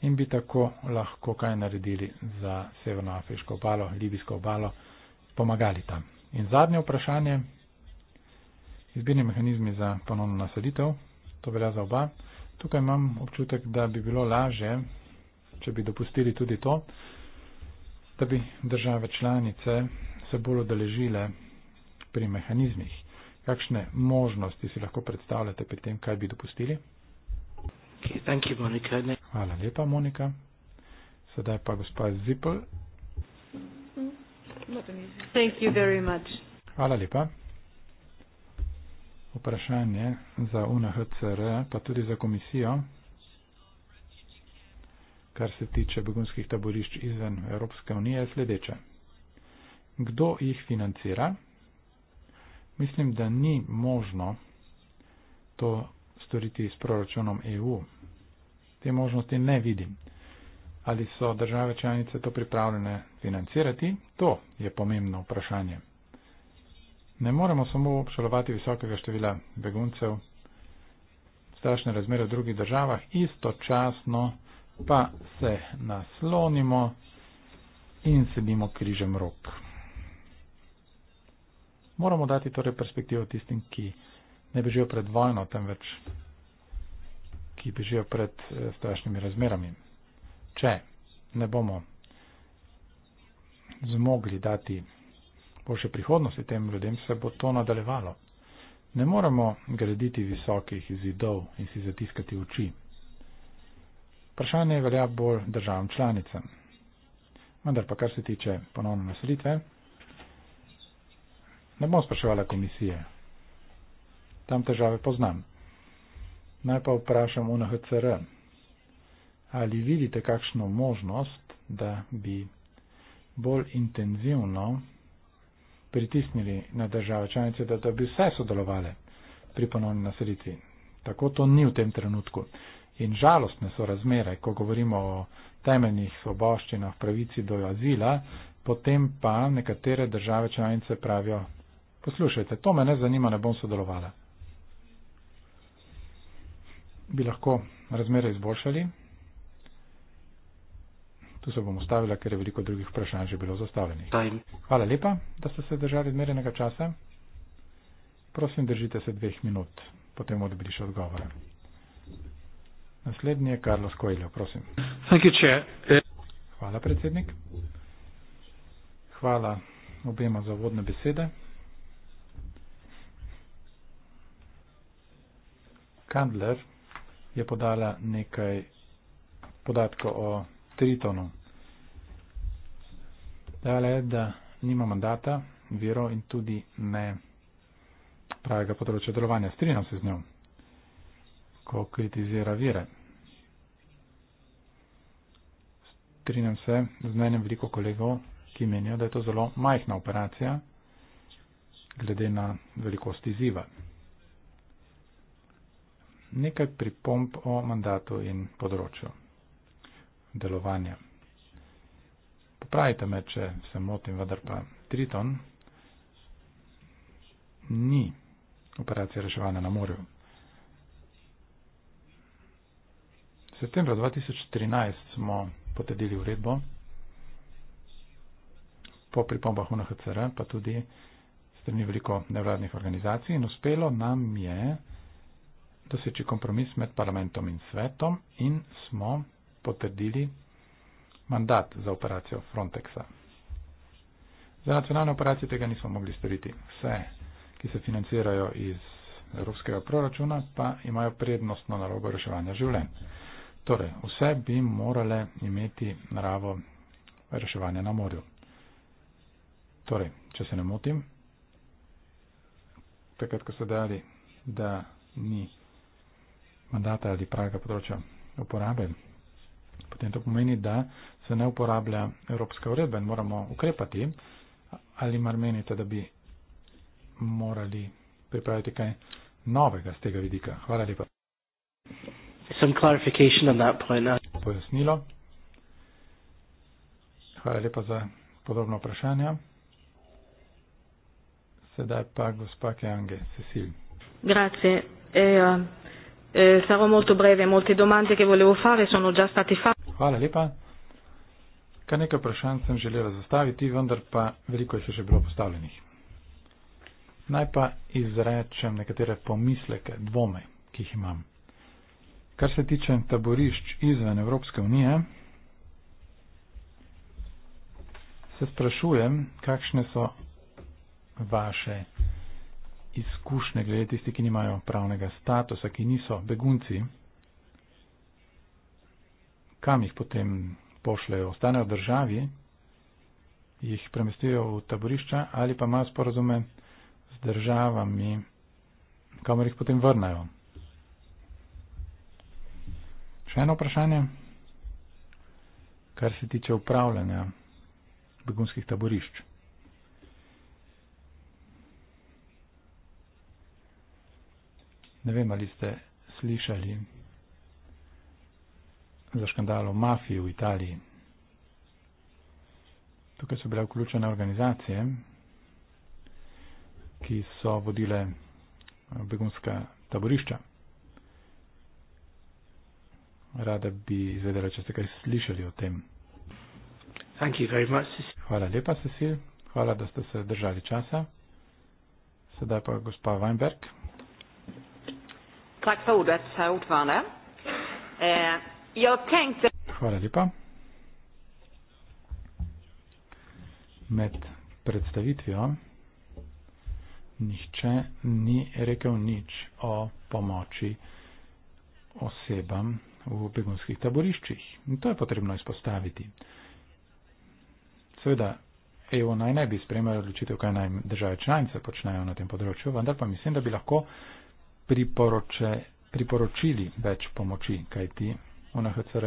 in bi tako lahko kaj naredili za severnoafriško obalo, libijsko obalo, pomagali tam. In zadnje vprašanje, izbirni mehanizmi za ponovno naselitev, to velja za oba. Tukaj imam občutek, da bi bilo laže, če bi dopustili tudi to, da bi države članice se bolj odeležile pri mehanizmih. Kakšne možnosti si lahko predstavljate pri tem, kaj bi dopustili? Okay, thank you, Monica. Hvala lepa, Monika. Sedaj pa gospa Zipel. Hvala lepa. Vprašanje za UNHCR, pa tudi za komisijo, kar se tiče begunskih taborišč izven Evropske unije, je sledeče. Kdo jih financira? Mislim, da ni možno to storiti s proračunom EU te možnosti ne vidim. Ali so države članice to pripravljene financirati, to je pomembno vprašanje. Ne moremo samo obšalovati visokega števila beguncev, strašne razmere v drugih državah, istočasno pa se naslonimo in sedimo križem rok. Moramo dati torej perspektivo tistim, ki ne bežijo pred vojno, temveč ki bežijo pred eh, strašnimi razmerami. Če ne bomo zmogli dati boljše prihodnosti tem ljudem, se bo to nadaljevalo. Ne moremo graditi visokih zidov in si zatiskati oči. Vprašanje velja bolj državam članicam. Vendar pa kar se tiče ponovne naselitve, ne bom spraševala komisije. Tam težave poznam. Naj pa vprašam UNHCR, ali vidite kakšno možnost, da bi bolj intenzivno pritisnili na države članice, da, da bi vse sodelovali pri ponovni naselitvi. Tako to ni v tem trenutku. In žalostne so razmere, ko govorimo o temeljnih svoboščinah, pravici do azila, potem pa nekatere države članice pravijo, poslušajte, to me ne zanima, ne bom sodelovala bi lahko razmere izboljšali. Tu se bom ustavila, ker je veliko drugih vprašanj že bilo zastavljenih. Hvala lepa, da ste se držali zmerenega časa. Prosim, držite se dveh minut, potem bomo dobili še odgovore. Naslednji je Carlos Coelho, prosim. Eh, Hvala, predsednik. Hvala obema za vodne besede. Kandler je podala nekaj podatkov o Tritonu. Dala je, da nima mandata, vero in tudi ne pravega področja delovanja. Strinjam se z njo, ko kritizira vire. Strinjam se z mnenjem veliko kolegov, ki menijo, da je to zelo majhna operacija glede na velikost izziva nekaj pripomp o mandatu in področju delovanja. Popravite me, če se motim, vendar pa Triton ni operacija reševanja na morju. V septembru 2013 smo potedili uredbo po pripombah UNHCR, pa tudi strani veliko nevladnih organizacij in uspelo nam je doseči kompromis med parlamentom in svetom in smo potrdili mandat za operacijo Frontexa. Za nacionalne operacije tega nismo mogli storiti. Vse, ki se financirajo iz evropskega proračuna, pa imajo prednostno nalogo reševanja življenj. Torej, vse bi morale imeti naravo reševanja na morju. Torej, če se ne motim, takrat, ko so dali, da ni mandata ali pravega področja uporabe, potem to pomeni, da se ne uporablja Evropska uredba in moramo ukrepati. Ali mar menite, da bi morali pripraviti kaj novega z tega vidika? Hvala lepa. Some clarification on that point. Uh. Pojasnilo. Hvala lepa za podobno vprašanje. Sedaj pa gospa Kejange, Cecil. Grazie. E, uh... Eh, sarò molto breve, molte domande che volevo fare sono già state fatte. Hvala lepa. Kar nekaj vprašanj sem želela zastaviti, vendar pa veliko je še bilo postavljenih. Naj pa izrečem nekatere pomisleke, dvome, ki jih imam. Kar se tiče taborišč izven Evropske unije, se sprašujem, kakšne so vaše izkušnje glede tisti, ki nimajo pravnega statusa, ki niso begunci, kam jih potem pošljajo, ostanejo v državi, jih premestijo v taborišča ali pa imajo sporazume z državami, kamor jih potem vrnajo. Še eno vprašanje, kar se tiče upravljanja begunskih taborišč. Ne vem, ali ste slišali za škandal o mafiji v Italiji. Tukaj so bile vključene organizacije, ki so vodile eh, begunska taborišča. Rada bi izvedela, če ste kaj slišali o tem. Thank you very much. Hvala lepa, Cecil. Hvala, da ste se držali časa. Sedaj pa gospa Weinberg. Tack för ordet, herr ordförande. Eh, jag tänkte... Hvala lepa. Med predstavitvijo nihče ni rekel nič o pomoči osebam v begunskih taboriščih. In to je potrebno izpostaviti. Seveda, EU naj ne bi spremljala odločitev, kaj naj države članice počnejo na tem področju, vendar pa mislim, da bi lahko priporoče, priporočili več pomoči, kajti UNHCR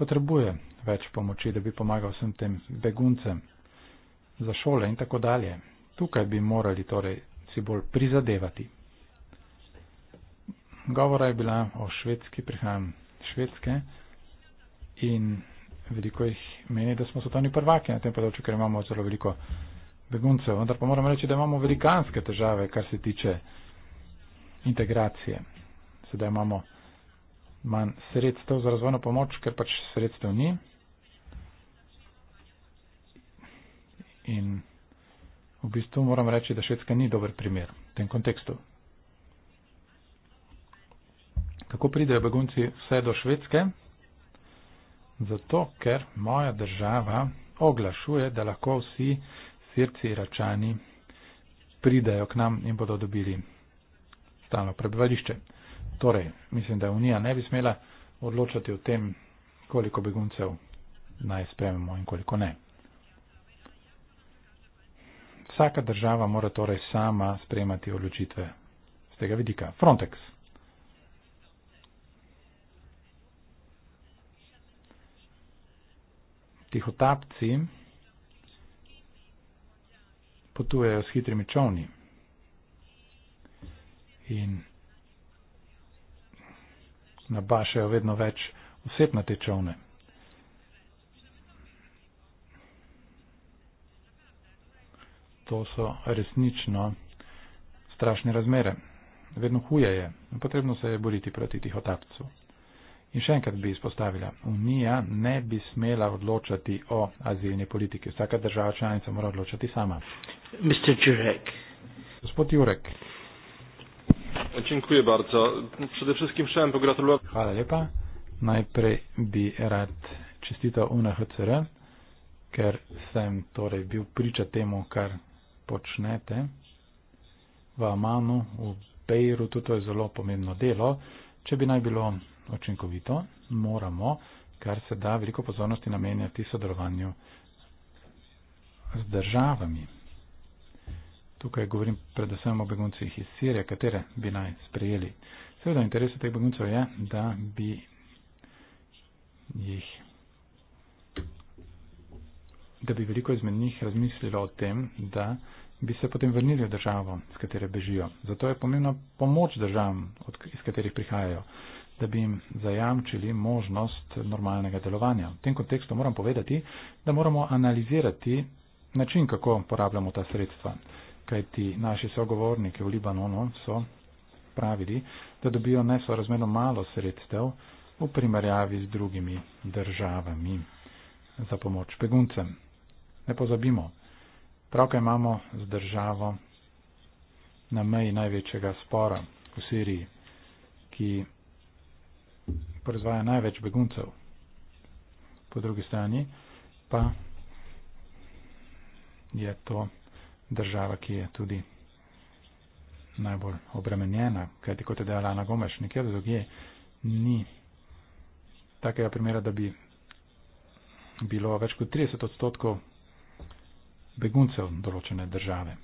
potrebuje več pomoči, da bi pomagal vsem tem beguncem za šole in tako dalje. Tukaj bi morali torej si bolj prizadevati. Govora je bila o švedski, prihajam švedske in veliko jih meni, da smo svetovni prvaki na tem področju, ker imamo zelo veliko beguncev, vendar pa moram reči, da imamo velikanske težave, kar se tiče integracije. Sedaj imamo manj sredstev za razvojno pomoč, ker pač sredstev ni. In v bistvu moram reči, da Švedska ni dober primer v tem kontekstu. Kako pridejo begunci vse do Švedske? Zato, ker moja država oglašuje, da lahko vsi srci iračani pridajo k nam in bodo dobili stalno prebivališče. Torej, mislim, da Unija ne bi smela odločati o tem, koliko beguncev naj sprememo in koliko ne. Vsaka država mora torej sama sprejemati odločitve z tega vidika. Frontex. Tihotapci potujejo s hitrimi čovni in nabašajo vedno več oseb na te čovne. To so resnično strašne razmere. Vedno huje je. Potrebno se je boriti proti tih otapcu. In še enkrat bi izpostavila, Unija ne bi smela odločati o azilni politiki. Vsaka država članica mora odločati sama. Gospod Jurek. Gospod Jurek. Dziękuję bardzo. Przede wszystkim chciałem pogratulować. Hvala lepa. Najprej bi rad čestital UNHCR, ker sem torej bil priča temu, kar počnete. V Amanu, v Beirutu, to je zelo pomembno delo. Če bi naj bilo očinkovito, moramo, kar se da, veliko pozornosti namenjati sodelovanju z državami. Tukaj govorim predvsem o beguncih iz Sirije, katere bi naj sprejeli. Seveda interes teh beguncev je, da bi jih, da bi veliko izmed njih razmislilo o tem, da bi se potem vrnili v državo, iz katere bežijo. Zato je pomembna pomoč državam, iz katerih prihajajo, da bi jim zajamčili možnost normalnega delovanja. V tem kontekstu moram povedati, da moramo analizirati način, kako porabljamo ta sredstva kajti naši sogovorniki v Libanonu so pravili, da dobijo nesorazmerno malo sredstev v primerjavi z drugimi državami za pomoč beguncem. Ne pozabimo, pravkaj imamo z državo na meji največjega spora v Siriji, ki proizvaja največ beguncev. Po drugi strani pa je to država, ki je tudi najbolj obremenjena, kajti kot je dejala Ana Gomeš, nekje drugje ni takega primera, da bi bilo več kot 30 odstotkov beguncev določene države,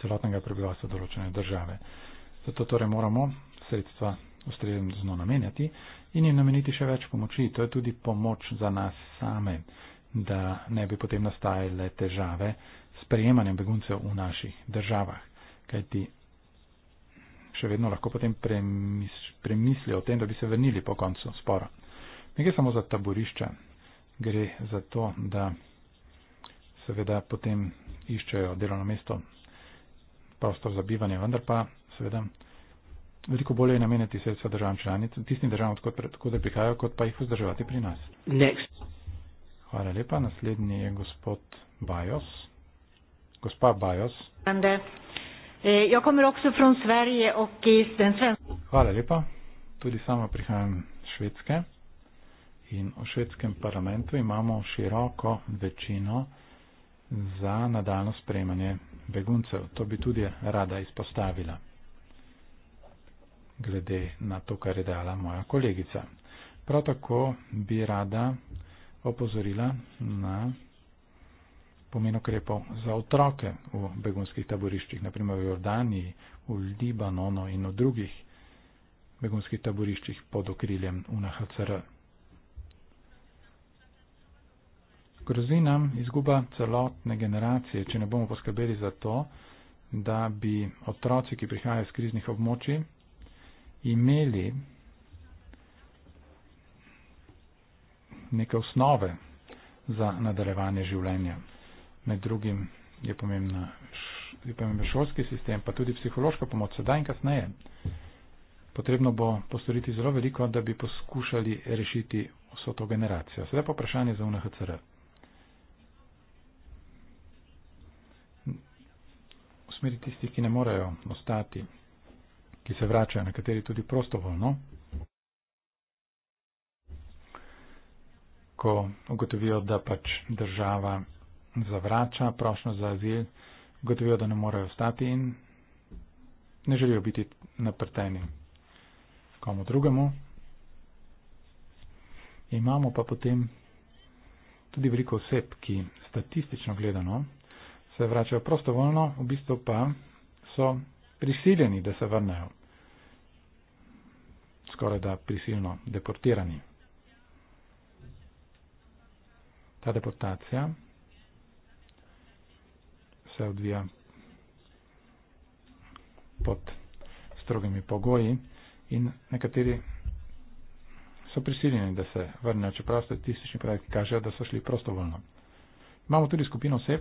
celotnega prebivalstva določene države. Zato torej moramo sredstva ustrezno namenjati in jim nameniti še več pomoči. To je tudi pomoč za nas same da ne bi potem nastajale težave s prejemanjem beguncev v naših državah. Kajti še vedno lahko potem premisli o tem, da bi se vrnili po koncu spora. Ne gre samo za taborišče, gre za to, da seveda potem iščejo delovno mesto, prostor za bivanje, vendar pa seveda veliko bolje je nameniti sredstva državam članicam, tistim državam, odkud prihajajo, kot pa jih vzdrževati pri nas. Next. Hvala lepa. Naslednji je gospod Bajos. Gospa Bajos. E, Hvala lepa. Tudi sama prihajam iz Švedske in v švedskem parlamentu imamo široko večino za nadaljno sprejemanje beguncev. To bi tudi rada izpostavila glede na to, kar je dala moja kolegica. Prav tako bi rada opozorila na pomen ukrepov za otroke v begunskih taboriščih, naprimer v Jordaniji, v Libanonu in v drugih begunskih taboriščih pod okriljem UNHCR. Grozi nam izguba celotne generacije, če ne bomo poskrbeli za to, da bi otroci, ki prihajajo iz kriznih območij, imeli neke osnove za nadaljevanje življenja. Med drugim je pomembna je pomemben šolski sistem, pa tudi psihološka pomoč sedaj in kasneje. Potrebno bo postoriti zelo veliko, da bi poskušali rešiti vso to generacijo. Sedaj pa vprašanje za UNHCR. V smeri tistih, ki ne morejo ostati, ki se vračajo, nekateri tudi prostovoljno, ko ugotovijo, da pač država zavrača prošnjo za azil, ugotovijo, da ne morejo ostati in ne želijo biti naprteni komu drugemu. Imamo pa potem tudi veliko oseb, ki statistično gledano se vračajo prostovoljno, v bistvu pa so prisiljeni, da se vrnejo. Skoraj da prisilno deportirani. Ta deportacija se odvija pod strogimi pogoji in nekateri so prisiljeni, da se vrnejo, čeprav statistični projekti kažejo, da so šli prostovoljno. Imamo tudi skupino oseb,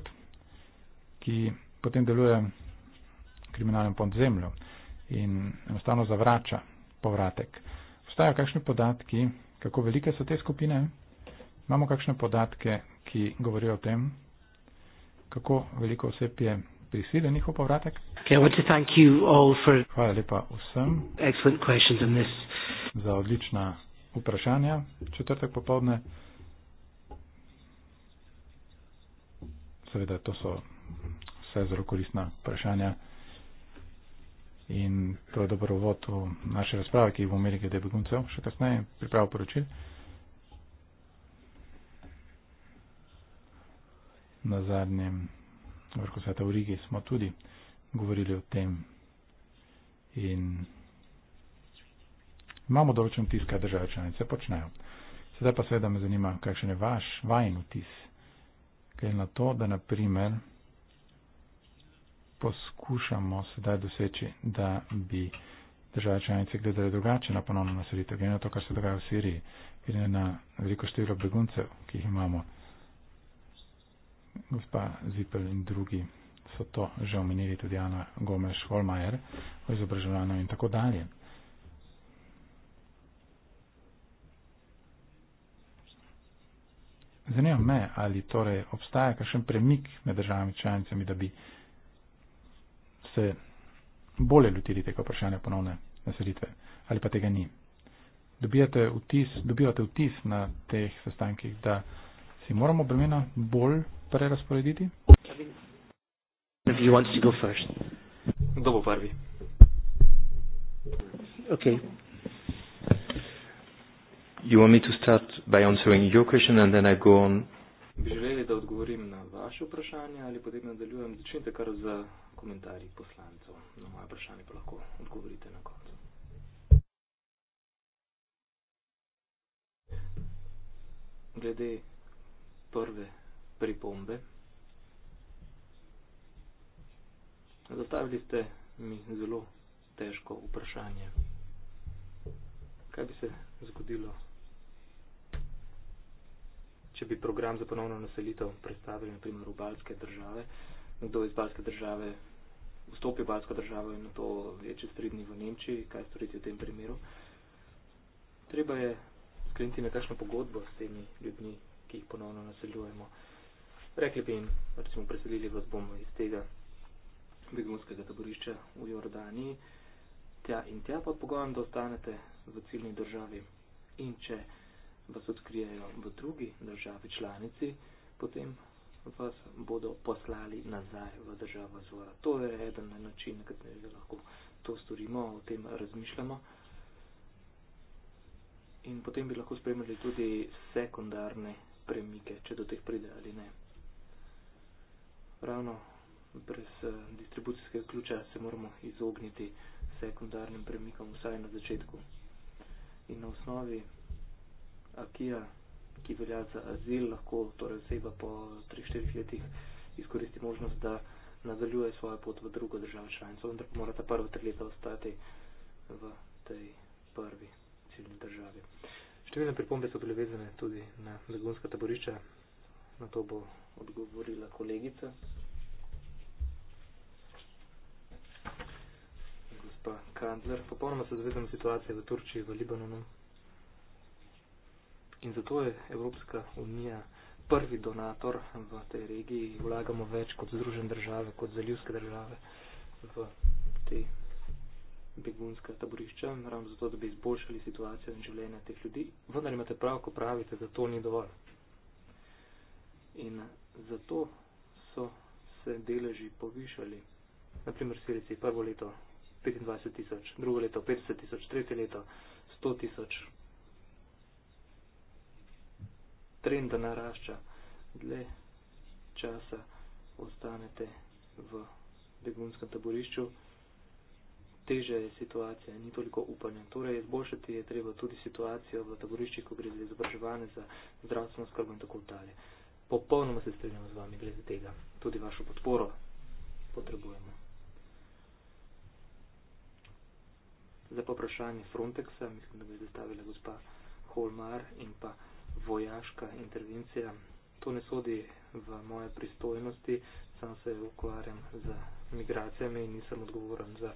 ki potem deluje kriminalnem podzemlju in enostavno zavrača povratek. Vstajajo kakšni podatki, kako velike so te skupine? Imamo kakšne podatke, ki govorijo o tem, kako veliko oseb je prisiljenih v povratek? Okay, Hvala lepa vsem za odlična vprašanja. Četrtek popovdne. Seveda, to so vse zelo koristna vprašanja. In to je dobro vod v naše razprave, ki jih bomo imeli glede beguncev, še kasneje pripravo poročil. na zadnjem vrhu sveta v Rigi smo tudi govorili o tem. In imamo določen vtis, kaj države članice počnejo. Sedaj pa seveda me zanima, kakšen je vaš vajen vtis. Ker na to, da naprimer poskušamo sedaj doseči, da bi države članice gledali drugače na ponovno naselitev, glede na to, kar se dogaja v Siriji, glede na veliko število beguncev, ki jih imamo gospa Zipel in drugi so to že omenili, tudi Ana Gomes Holmajer o izobraževanju in tako dalje. Zanima me, ali torej obstaja kakšen premik med državami članicami, da bi se bolje lotili tega vprašanja ponovne naselitve, ali pa tega ni. Dobijate vtis, dobivate vtis na teh sestankih, da si moramo bremena bolj prerasporediti? Kdo bo prvi? Ok. You want me to start by answering your question and then I go on? Bi želeli, da odgovorim na vaše vprašanje ali potem nadaljujem. Začnite kar z komentarji poslancev. Na moje vprašanje pa lahko odgovorite na koncu. Glede prve pripombe. Zastavili ste mi zelo težko vprašanje. Kaj bi se zgodilo, če bi program za ponovno naselitev predstavili na primer v Balske države? Nekdo iz Balske države vstopi v Balsko državo in na to večje stridni v Nemčiji. Kaj storiti v tem primeru? Treba je skriniti nekakšno pogodbo s temi ljudmi, ki jih ponovno naseljujemo. Rekli bi jim, recimo, preselili vas bomo iz tega begunskega taborišča v Jordaniji, tja in tja pod pogojem, da ostanete v ciljni državi. In če vas odkrijejo v drugi državi članici, potem vas bodo poslali nazaj v državo zvora. To je eden na način, na kateri lahko to storimo, o tem razmišljamo. In potem bi lahko spremljali tudi sekundarne premike, če do teh pride ali ne. Ravno brez eh, distribucijskega ključa se moramo izogniti sekundarnim premikom vsaj na začetku. In na osnovi akija, ki velja za azil, lahko torej oseba po 3-4 letih izkoristi možnost, da nadaljuje svojo pot v drugo državo članico, vendar pa mora ta prva tri leta ostati v tej prvi ciljni državi. Uh, Številne pripombe so bile vezane tudi na begunska taborišča, na to bo odgovorila kolegica. Gospa Kandler, popolnoma se zavezam situacije v Turčiji, v Libanonu. In zato je Evropska unija prvi donator v tej regiji. Vlagamo več kot združen države, kot zaljivske države v te begunska taborišča, ravno zato, da bi izboljšali situacijo in življenje teh ljudi. Vendar imate prav, ko pravite, da to ni dovolj. In zato so se deleži povišali. Naprimer, Sirici prvo leto 25 tisoč, drugo leto 50 tisoč, tretje leto 100 tisoč. Trend narašča, dlje časa ostanete v begunskem taborišču teže je situacija, ni toliko upanja. Torej, izboljšati je treba tudi situacijo v taborišču, ko gre za izobraževanje, za zdravstveno skrb in tako dalje. Popolnoma se strinjam z vami glede tega. Tudi vašo podporo potrebujemo. Zdaj pa vprašanje Frontexa, mislim, da bi zastavila gospa Holmar in pa vojaška intervencija. To ne sodi v moje pristojnosti, samo se ukvarjam z migracijami in nisem odgovoren za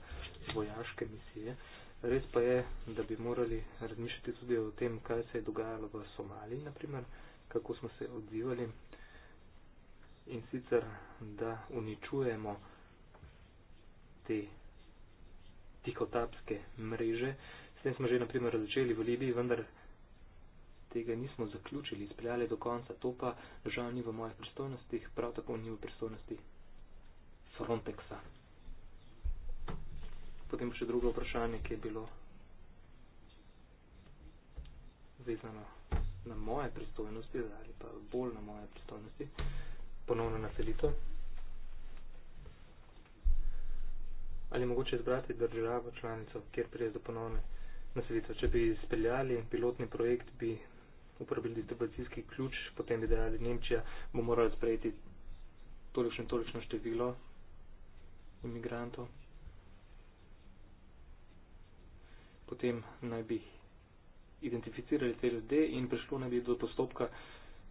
vojaške misije. Res pa je, da bi morali razmišljati tudi o tem, kaj se je dogajalo v Somaliji, naprimer, kako smo se odzivali in sicer, da uničujemo te tihotapske mreže. S tem smo že naprimer začeli v Libiji, vendar tega nismo zaključili, izpeljali do konca. To pa žal ni v mojih pristojnostih, prav tako ni v pristojnostih Frontexa. Potem še drugo vprašanje, ki je bilo vezano na moje pristojnosti ali pa bolj na moje pristojnosti, ponovno na selito. Ali je mogoče izbrati državo članico, kjer prije do ponovne naselitve? Če bi izpeljali pilotni projekt, bi uporabili distribucijski ključ, potem bi dejali Nemčija, bo morala sprejeti tolikšno in tolikšno število imigrantov. Potem naj bi identificirali te ljudi in prišlo naj bi do postopka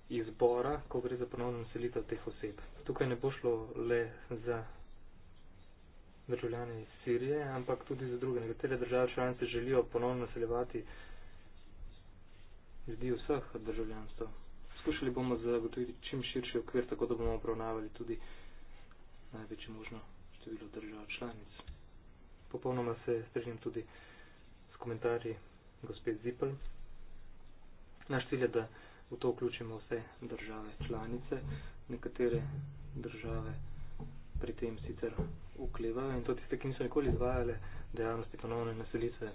izbora, ko gre za ponovno naselitev teh oseb. Tukaj ne bo šlo le za državljane iz Sirije, ampak tudi za druge. Nekatere države članice želijo ponovno naseljevati ljudi vseh državljanstva. Skušali bomo zagotoviti čim širši okvir, tako da bomo obravnavali tudi največje možno število držav članic. Popolnoma se strinjam tudi s komentarji gospe Zipel. Naš cilj je, da v to vključimo vse države članice. Nekatere države pri tem sicer uklevajo in to tiste, ki niso nikoli izvajale dejavnosti ponovne naselitve.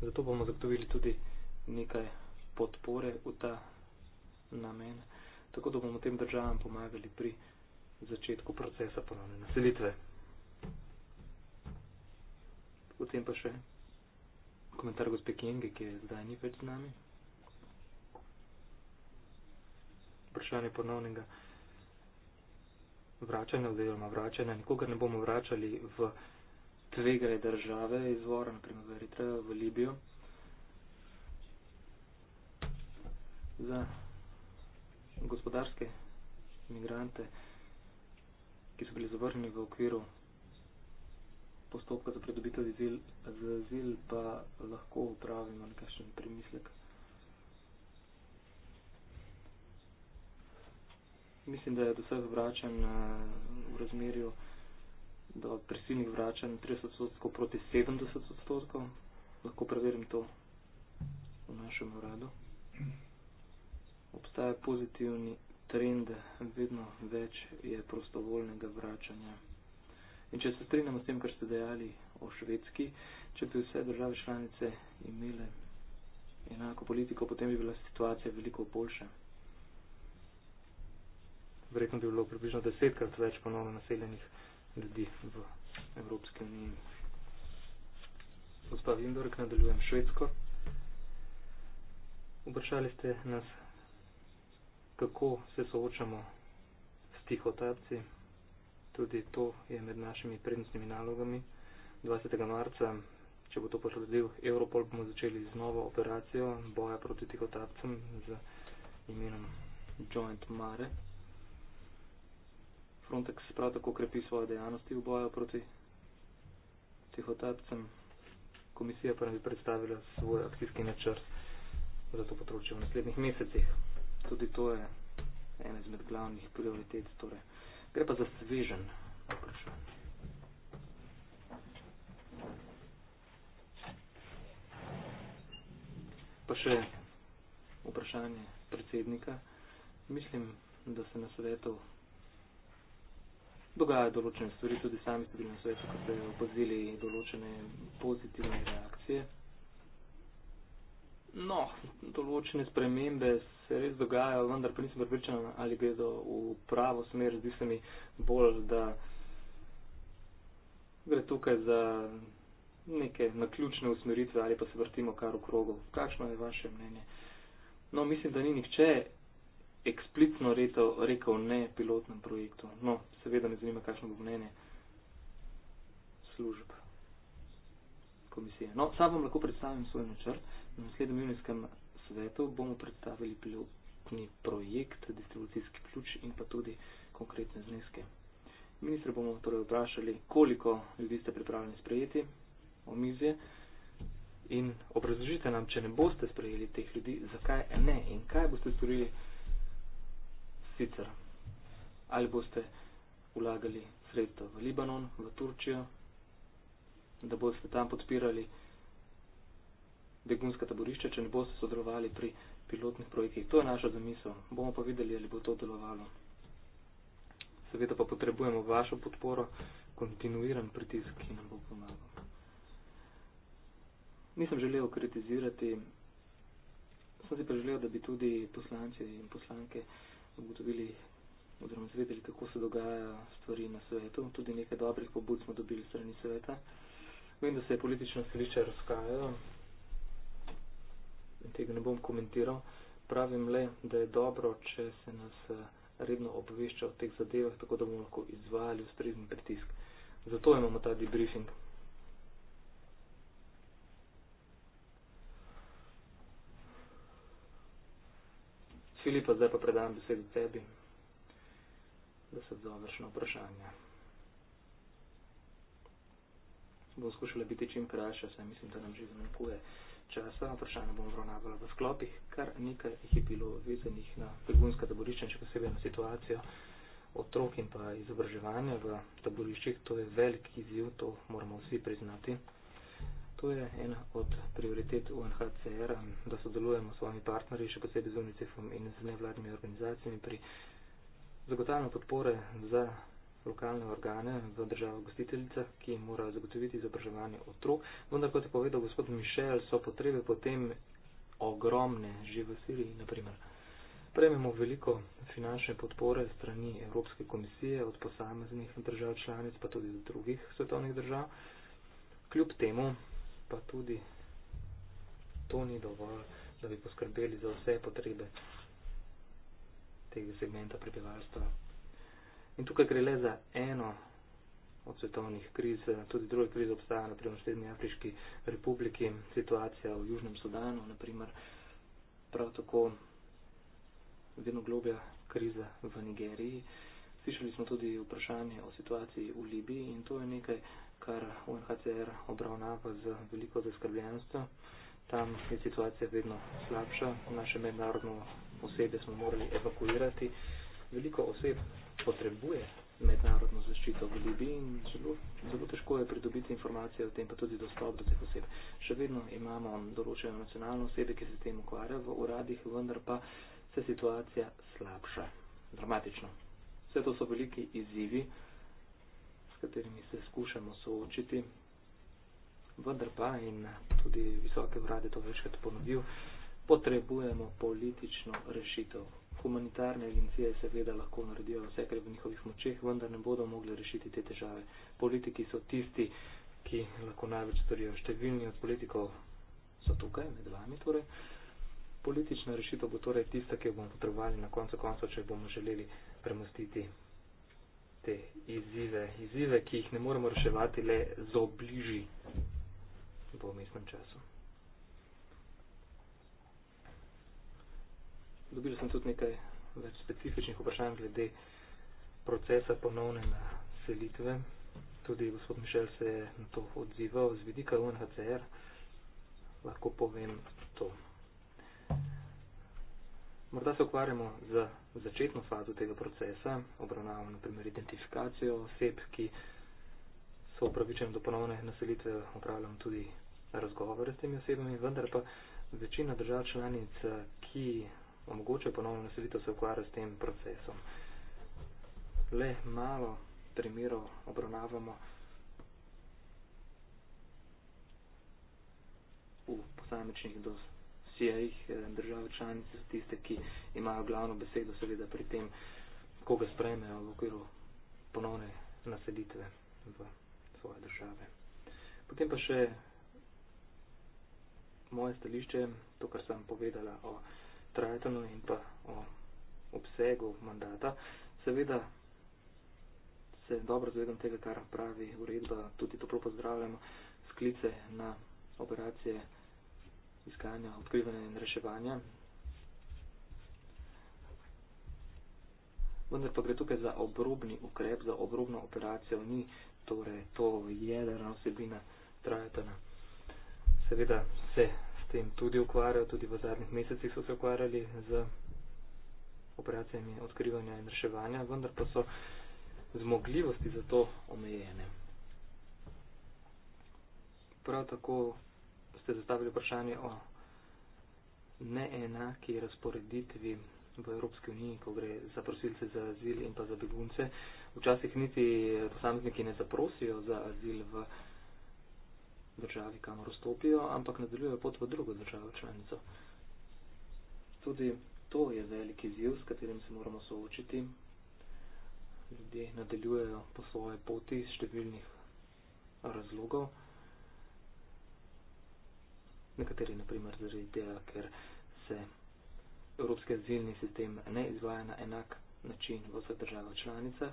Zato bomo zagotovili tudi nekaj podpore v ta namen, tako da bomo tem državam pomagali pri začetku procesa ponovne naselitve. Potem pa še komentar gospe Kenge, ki je zdaj ni več z nami. Vprašanje ponovnega vračanja oziroma vračanja. Nikogar ne bomo vračali v tvegre države izvora, naprimer v Eritrejo, v Libijo. Za gospodarske imigrante ki so bili zavrnjeni v okviru postopka za predobitev izil, za izil pa lahko upravimo nekakšen premislek. Mislim, da je do vseh vračan eh, v razmerju do prisilnih vračan 30 odstotkov proti 70 odstotkov. Lahko preverim to v našem uradu. Obstaja pozitivni trend, vedno več je prostovoljnega vračanja. In če se strinjamo s tem, kar ste dejali o Švedski, če bi vse države članice imele enako politiko, potem bi bila situacija veliko boljša. Verjetno bi bilo približno desetkrat več ponovno naseljenih ljudi v Evropski uniji. Gospa Vindorek, nadaljujem Švedsko. Vprašali ste nas kako se soočamo s tihotapci. Tudi to je med našimi prednostnimi nalogami. 20. marca, če bo to posledil Europol, bomo začeli z novo operacijo boja proti tihotapcem z imenom Joint Mare. Frontex prav tako krepi svoje dejavnosti v boju proti tihotapcem. Komisija pa nam je predstavila svoj akcijski načrt za to področje v naslednjih mesecih tudi to je ena izmed glavnih prioritet. Torej. Gre pa za svežen. Pa še vprašanje predsednika. Mislim, da se na svetu dogajajo določene stvari, tudi sami ste bili na svetu, ko ste opazili določene pozitivne reakcije. No, določene spremembe se res dogajajo, vendar pa nisem pripričan, ali gredo v pravo smer. Zdi se mi bolj, da gre tukaj za neke naključne usmeritve ali pa se vrtimo kar v krogu. Kakšno je vaše mnenje? No, mislim, da ni nihče eksplicno retel, rekel ne pilotnem projektu. No, seveda me zanima, kakšno bo mnenje služb komisije. No, sam vam lahko predstavim svoj načrt na naslednjem junijskem svetov bomo predstavili pilotni projekt, distribucijski ključ in pa tudi konkretne zneske. Ministr bomo torej vprašali, koliko ljudi ste pripravljeni sprejeti o mizje in obrazložite nam, če ne boste sprejeli teh ljudi, zakaj ne in kaj boste storili sicer. Ali boste vlagali sredstva v Libanon, v Turčijo, da boste tam podpirali begunska taborišča, če ne boste sodelovali pri pilotnih projektih. To je naša zamisel. Bomo pa videli, ali bo to delovalo. Seveda pa potrebujemo vašo podporo, kontinuiran pritisk, ki nam bo pomagal. Nisem želel kritizirati, sem si pa želel, da bi tudi poslanci in poslanke ugotovili oziroma zvedeli, kako se dogajajo stvari na svetu. Tudi nekaj dobrih pobud smo dobili strani sveta. Vem, da se politična središča razkajajo, tega ne bom komentiral. Pravim le, da je dobro, če se nas eh, redno obvešča o teh zadevah, tako da bomo lahko izvajali ustrezni pritisk. Zato imamo ta debriefing. Filipa, zdaj pa predajam besedo tebi, da se odzoveš na vprašanje. Bom skušala biti čim krajša, saj mislim, da nam že zmanjkuje časa. Vprašanje bom obravnavala v sklopih, kar nekaj jih je bilo vezanih na begunska taborišča, še posebej na situacijo otrok in pa izobraževanja v taboriščih. To je velik izziv, to moramo vsi priznati. To je ena od prioritet UNHCR, da sodelujemo s svojimi partnerji, še posebej z UNICEF-om in z nevladnimi organizacijami pri zagotavljanju podpore za lokalne organe v državo gostiteljica, ki jim morajo zagotoviti izobraževanje otrok. Vendar, kot je povedal gospod Mišel, so potrebe potem ogromne, že v Siriji, naprimer. Prejmemo veliko finančne podpore strani Evropske komisije, od posameznih držav članic, pa tudi od drugih svetovnih držav. Kljub temu pa tudi to ni dovolj, da bi poskrbeli za vse potrebe tega segmenta prebivalstva. In tukaj gre le za eno od svetovnih kriz, tudi druge krize obstaja, naprimer v Srednji Afriški republiki, situacija v Južnem Sudanu, naprimer prav tako vedno globja kriza v Nigeriji. Slišali smo tudi vprašanje o situaciji v Libiji in to je nekaj, kar UNHCR obravnava z veliko zaskrbljenostjo. Tam je situacija vedno slabša, naše mednarodno osebe smo morali evakuirati veliko oseb potrebuje mednarodno zaščito v Libiji in zelo, zelo težko je pridobiti informacije o tem, pa tudi dostop do teh oseb. Še vedno imamo določeno nacionalno osebe, ki se s tem ukvarja v uradih, vendar pa se situacija slabša. Dramatično. Vse to so veliki izzivi, s katerimi se skušamo soočiti, vendar pa in tudi visoke vrade to večkrat ponovil, potrebujemo politično rešitev humanitarne agencije seveda lahko naredijo vse, kar je v njihovih močeh, vendar ne bodo mogli rešiti te težave. Politiki so tisti, ki lahko največ storijo. Številni od politikov so tukaj, med vami torej. Politična rešitev bo torej tista, ki jo bomo potrebovali na koncu konca, če bomo želeli premostiti te izzive. Izzive, ki jih ne moremo reševati le z obliži v mestnem času. dobil sem tudi nekaj več specifičnih vprašanj glede procesa ponovne naselitve. Tudi gospod Mišel se je na to odzival z vidika UNHCR. Lahko povem to. Morda se ukvarjamo z začetno fazo tega procesa, obravnavamo naprimer identifikacijo oseb, ki so upravičene do ponovne naselitve, upravljamo tudi razgovore s temi osebami, vendar pa večina držav članic, ki omogoča ponovno naselitev se ukvarja s tem procesom. Le malo primerov obravnavamo v posamečnih dosijajih eh, držav članice so tiste, ki imajo glavno besedo seveda pri tem, koga sprejmejo v okviru ponovne naselitve v svoje države. Potem pa še moje stališče, to, kar sem povedala o Tritonu in pa o obsegu mandata. Seveda se dobro zavedam tega, kar pravi uredba, tudi toplo pozdravljamo sklice na operacije iskanja, odkrivanja in reševanja. Vendar pa gre tukaj za obrobni ukrep, za obrobno operacijo, ni torej to jedrna osebina Tritona. Seveda se tem tudi ukvarjal, tudi v zadnjih mesecih so se ukvarjali z operacijami odkrivanja in reševanja, vendar pa so zmogljivosti za to omejene. Prav tako ste zastavili vprašanje o neenaki razporeditvi v Evropski uniji, ko gre za prosilce za azil in pa za begunce. Včasih niti posamezniki ne zaprosijo za azil v Evropski uniji državi, kamor vstopijo, ampak nadaljujejo pot v drugo državo članico. Tudi to je veliki ziv, s katerim se moramo soočiti. Ljudje nadaljujejo po svoje poti iz številnih razlogov. Nekateri, naprimer, zaradi tega, ker se evropski azilni sistem ne izvaja na enak način v vseh državah članicah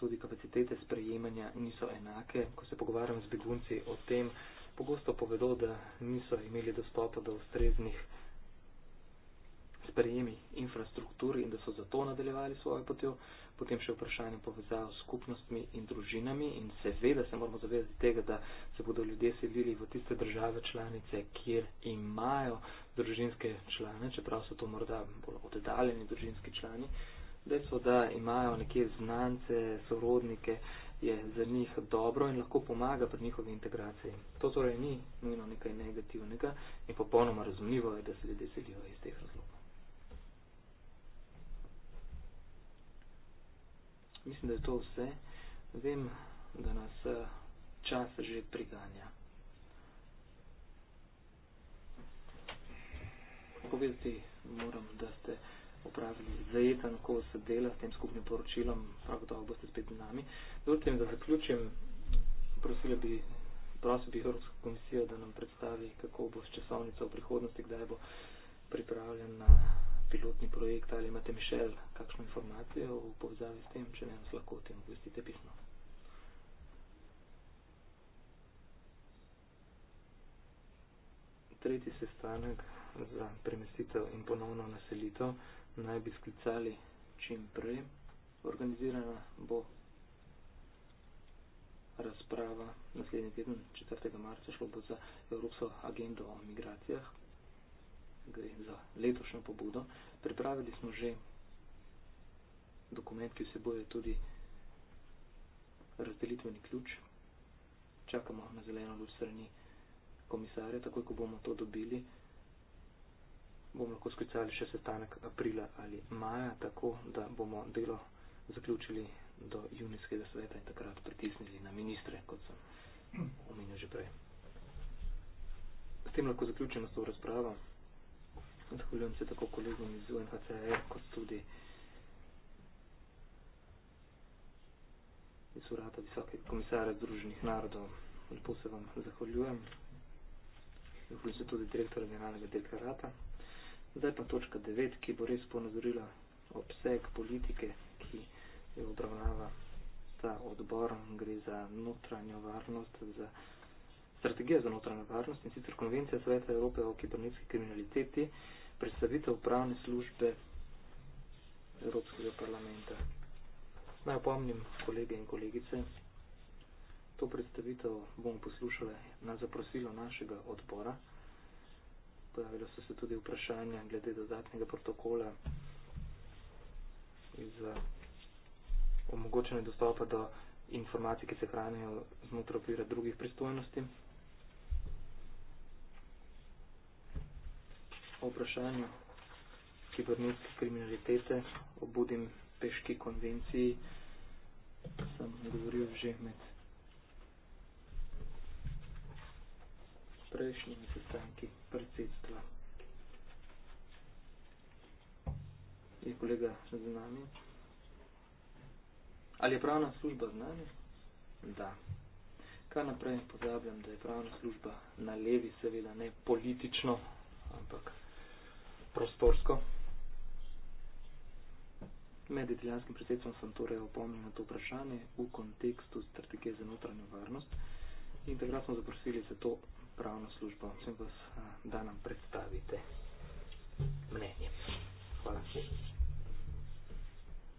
tudi kapacitete sprejemanja niso enake. Ko se pogovarjam z begunci o tem, pogosto povedo, da niso imeli dostopa do ustreznih sprejemi infrastrukturi in da so zato nadaljevali svojo potjo. Potem še vprašanje povezajo s skupnostmi in družinami in seveda se moramo zavedati tega, da se bodo ljudje selili v tiste države članice, kjer imajo družinske člane, čeprav so to morda bolj oddaljeni družinski člani. Uh, Dejstvo, da imajo nekje znance, sorodnike, je za njih dobro in lahko pomaga pri njihovi integraciji. To torej ni nujno nekaj negativnega in popolnoma razumljivo je, da se ljudje selijo iz teh razlogov. Mislim, da je to vse. Vem, da nas čas že priganja. Povedati moram, da ste opravili zajeten kos dela s tem skupnim poročilom, prav gotovo boste spet z nami. Zdravljim, da zaključim, prosil bi, prosil bi Evropsko komisijo, da nam predstavi, kako bo s časovnico v prihodnosti, kdaj bo pripravljen na pilotni projekt ali imate Mišel kakšno informacijo v povzavi s tem, če ne, nas lahko o tem obvestite pisno. Tretji sestanek za premestitev in ponovno naselitev naj bi sklicali čim prej. Organizirana bo razprava naslednji teden, 4. marca, šlo bo za Evropsko agendo o migracijah, gre za letošnjo pobudo. Pripravili smo že dokument, ki vseboje tudi razdelitveni ključ. Čakamo na zeleno luč strani komisarja, tako ko bomo to dobili bomo lahko sklicali še sestanek aprila ali maja, tako da bomo delo zaključili do junijskega sveta in takrat pritisnili na ministre, kot sem omenil že prej. S tem lahko zaključimo s to razpravo. Zahvaljujem se tako kolegom iz UNHCR, kot tudi iz Urata Visokega komisarja Združenih narodov. Lepo se vam zahvaljujem. Zahvaljujem se tudi direktora generalnega direktorata. Zdaj pa točka 9, ki bo res ponazorila obseg politike, ki jo obravnava ta odbor, gre za notranjo varnost, za strategijo za notranjo varnost in sicer konvencija Sveta Evrope o kibernetski kriminaliteti, predstavitev upravne službe Evropskega parlamenta. Naj opomnim kolege in kolegice, to predstavitev bomo poslušali na zaprosilo našega odbora pojavila so se tudi vprašanja glede dodatnega protokola iz omogočene dostopa do informacij, ki se hranijo znotraj okvira drugih pristojnosti. O vprašanju kibernetske kriminalitete obudim peški konvenciji, sem govoril že med prejšnjimi sestanki predsedstva. Je kolega z nami? Ali je pravna služba z nami? Da. Kaj naprej pozabljam, da je pravna služba na levi seveda ne politično, ampak prostorsko. Med italijanskim predsedstvom sem torej opomnil na to vprašanje v kontekstu strategije za notranjo varnost in takrat smo zaprosili za to pravno službo, sem vas, eh, da nam predstavite mnenje. Hvala.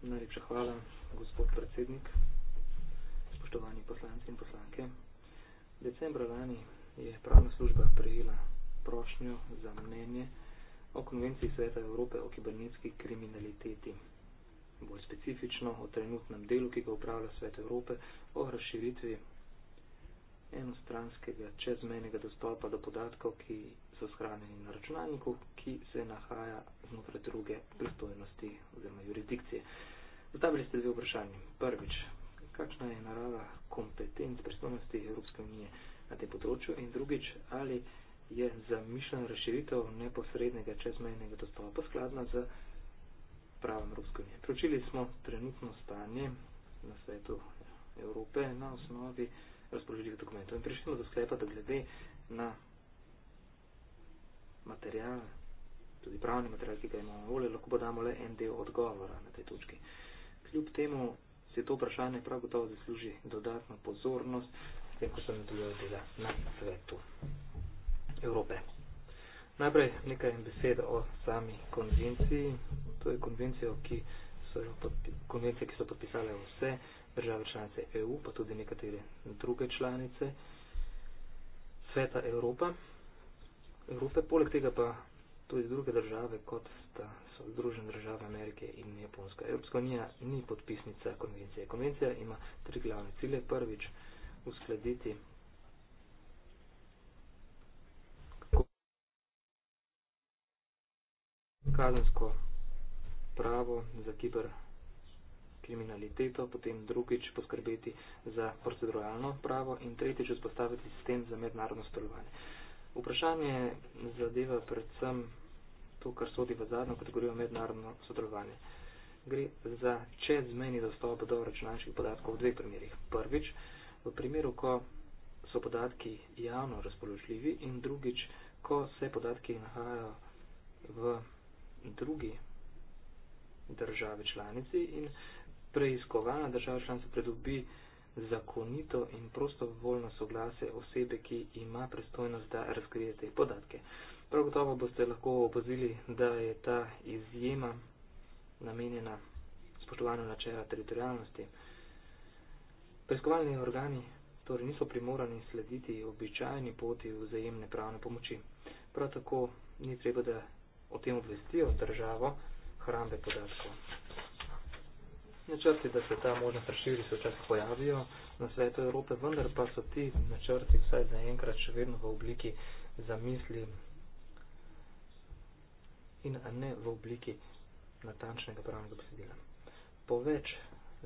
Najlepša hvala, gospod predsednik, spoštovani poslanci in poslanke. Decembra lani je pravna služba prejela prošnjo za mnenje o Konvenciji Sveta Evrope o kibernetski kriminaliteti. Bolj specifično o trenutnem delu, ki ga upravlja Svet Evrope, o razširitvi enostranskega čezmejnega dostopa do podatkov, ki so shranjeni na računalniku, ki se nahaja znotraj druge pristojnosti oziroma jurisdikcije. Zastavili ste dve vprašanje. Prvič, kakšna je narava kompetenc pristojnosti Evropske unije na tem področju in drugič, ali je zamišljena razširitev neposrednega čezmejnega dostopa skladna z pravom Evropske unije. Pročili smo trenutno stanje na svetu Evrope na osnovi razpoložljivih dokumentov. In prišli smo do sklepa, da glede na material, tudi pravni material, ki ga imamo volje, lahko pa damo le en del odgovora na tej točki. Kljub temu se to vprašanje prav gotovo zasluži dodatno pozornost, s tem, ko sem nadaljeval dela na svetu Evrope. Najprej nekaj besed o sami konvenciji. To je konvencija, ki so jo, podpi, ki so podpisale vse države članice EU, pa tudi nekatere druge članice sveta Evropa. Evrope, poleg tega pa tudi druge države, kot sta so Združene države Amerike in Japonska. Evropska unija ni podpisnica konvencije. Konvencija ima tri glavne cilje. Prvič, uskladiti kazensko pravo za kiber kriminaliteto, potem drugič poskrbeti za proceduralno pravo in tretjič vzpostaviti sistem za mednarodno sodelovanje. Vprašanje zadeva predvsem to, kar sodi v zadnjo kategorijo mednarodno sodelovanje. Gre za čezmejni dostop do računalniških podatkov v dveh primerih. Prvič, v primeru, ko so podatki javno razpoložljivi in drugič, ko se podatki nahajajo v drugi državi članici in preiskovana država članica predobi zakonito in prostovoljno soglase osebe, ki ima prestojnost, da razkrije te podatke. Prav gotovo boste lahko opozili, da je ta izjema namenjena spoštovanju načela teritorijalnosti. Preiskovalni organi torej niso primorani slediti običajni poti vzajemne pravne pomoči. Prav tako ni treba, da o tem obvestijo državo hrambe podatkov načrti, da se ta možnost razširi, se včasih pojavijo na svetu Evrope, vendar pa so ti načrti vsaj za enkrat še vedno v obliki zamisli in ne v obliki natančnega pravnega besedila. Po več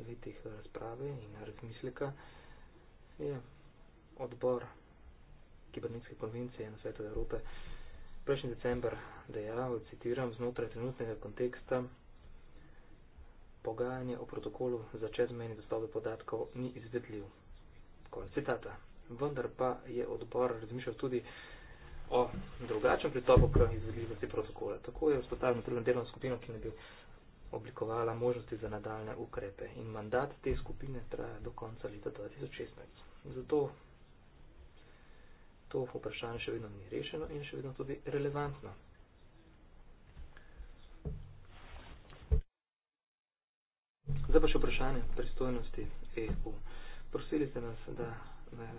letih razprave in razmisleka je odbor kibernetske konvencije na svetu Evrope prejšnji december dejal, citiram, znotraj trenutnega konteksta pogajanje o protokolu za čezmejni dostop do podatkov ni izvedljiv. Konec citata. Vendar pa je odbor razmišljal tudi o drugačnem pristopu k izvedljivosti protokola. Tako je vzpostavljeno drugo delovno skupino, ki ne bi oblikovala možnosti za nadaljne ukrepe. In mandat te skupine traja do konca leta 2016. Zato to vprašanje še vedno ni rešeno in še vedno tudi relevantno. Zdaj pa še vprašanje pristojnosti EU. Prosili ste nas, da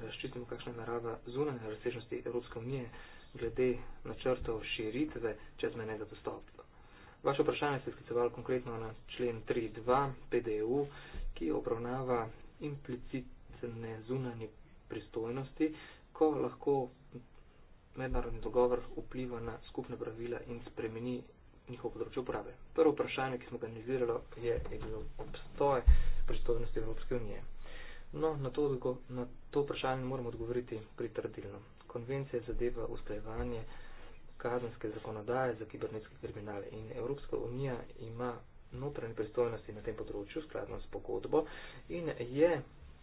razčitimo, kakšna je narava zunanje razsežnosti Evropske unije glede načrtov širitve čezmenega dostopa. Vaše vprašanje ste sklicevali konkretno na člen 3.2 PDEU, ki obravnava implicitne zunanje pristojnosti, ko lahko mednarodni dogovor vpliva na skupne pravila in spremeni njihovo področje uporabe. Prvo vprašanje, ki smo ga analizirali, je, je bilo obstoj pristojnosti Evropske unije. No, na to, na to vprašanje moramo odgovoriti pritrdilno. Konvencija zadeva usklajevanje kazenske zakonodaje za kibernetske kriminale in Evropska unija ima notranje pristojnosti na tem področju, skladno s pogodbo, in je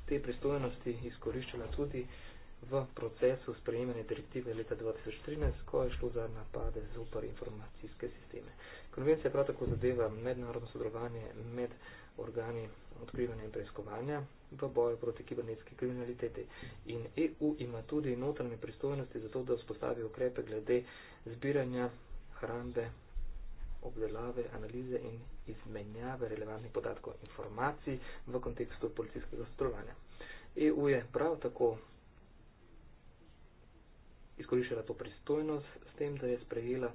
te pristojnosti izkoriščala tudi uh, v procesu sprejemanja direktive leta 2013, ko je šlo za napade zoper informacijske sisteme. Konvencija prav tako zadeva mednarodno sodelovanje med organi odkrivanja in preiskovanja v boju proti kibernetski kriminaliteti. In EU ima tudi notranje pristojnosti za to, da vzpostavi ukrepe glede zbiranja hrambe, obdelave, analize in izmenjave relevantnih podatkov informacij v kontekstu policijskega sodelovanja. EU je prav tako izkoriščala to pristojnost s tem, da je sprejela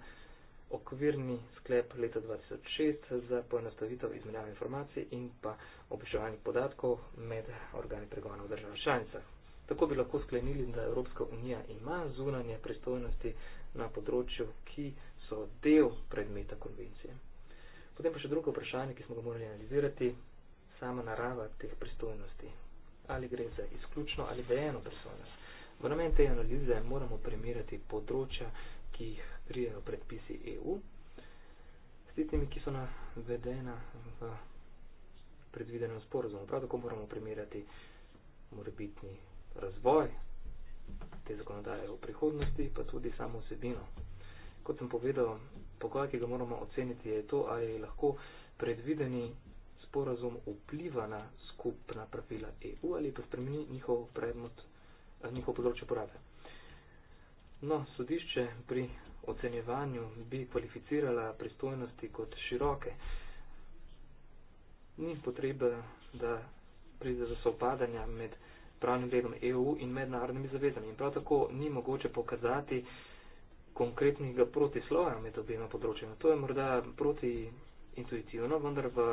okvirni sklep leta 2006 za poenostavitev izmenjave informacij in pa obveščevalnih podatkov med organi pregona v državah članicah. Tako bi lahko sklenili, da Evropska unija ima zunanje pristojnosti na področju, ki so del predmeta konvencije. Potem pa še drugo vprašanje, ki smo ga morali analizirati, sama narava teh pristojnosti. Ali gre za izključno ali dejeno pristojnost? V namen te analize moramo primerjati področja, ki jih prijejo predpisi EU, s tistimi, ki so navedena v predvidenem sporozumu. Prav tako moramo primerjati morebitni razvoj te zakonodaje v prihodnosti, pa tudi samo vsebino. Kot sem povedal, pogoj, ki ga moramo oceniti, je to, ali je lahko predvideni sporozum vpliva na skupna pravila EU ali pa spremeni njihov predmet njihov področje porabe. No, sodišče pri ocenjevanju bi kvalificirala pristojnosti kot široke. Ni potrebe, da pride za sovpadanja med pravnim redom EU in mednarodnimi zavezami. In prav tako ni mogoče pokazati konkretnega protislova med obima področjima. To je morda proti intuitivno, vendar v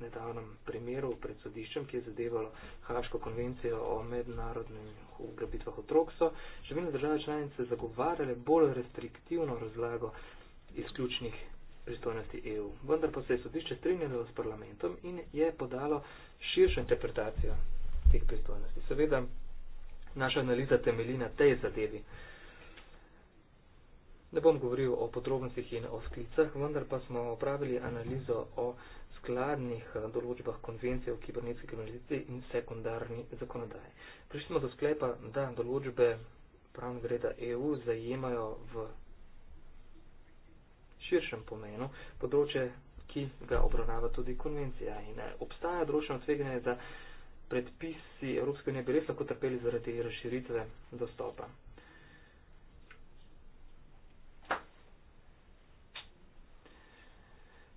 nedavnem primeru pred sodiščem, ki je zadevalo Haško konvencijo o mednarodnem ugrabitvah otrok, so številne države članice zagovarjale bolj restriktivno razlago izključnih pristojnosti EU. Vendar pa se je sodišče strinjalo s parlamentom in je podalo širšo interpretacijo teh pristojnosti. Seveda, naša analiza temelji na tej zadevi. Ne bom govoril o podrobnostih in o sklicah, vendar pa smo opravili analizo o skladnih eh, določbah konvencije o kibernetski kriminaliteti in sekundarni zakonodaji. Prišli smo do sklepa, da določbe pravnega reda EU zajemajo v širšem pomenu področje, ki ga obravnava tudi konvencija. In eh, obstaja določeno tveganje, da predpisi Evropske unije bi res lahko trpeli zaradi razširitve dostopa.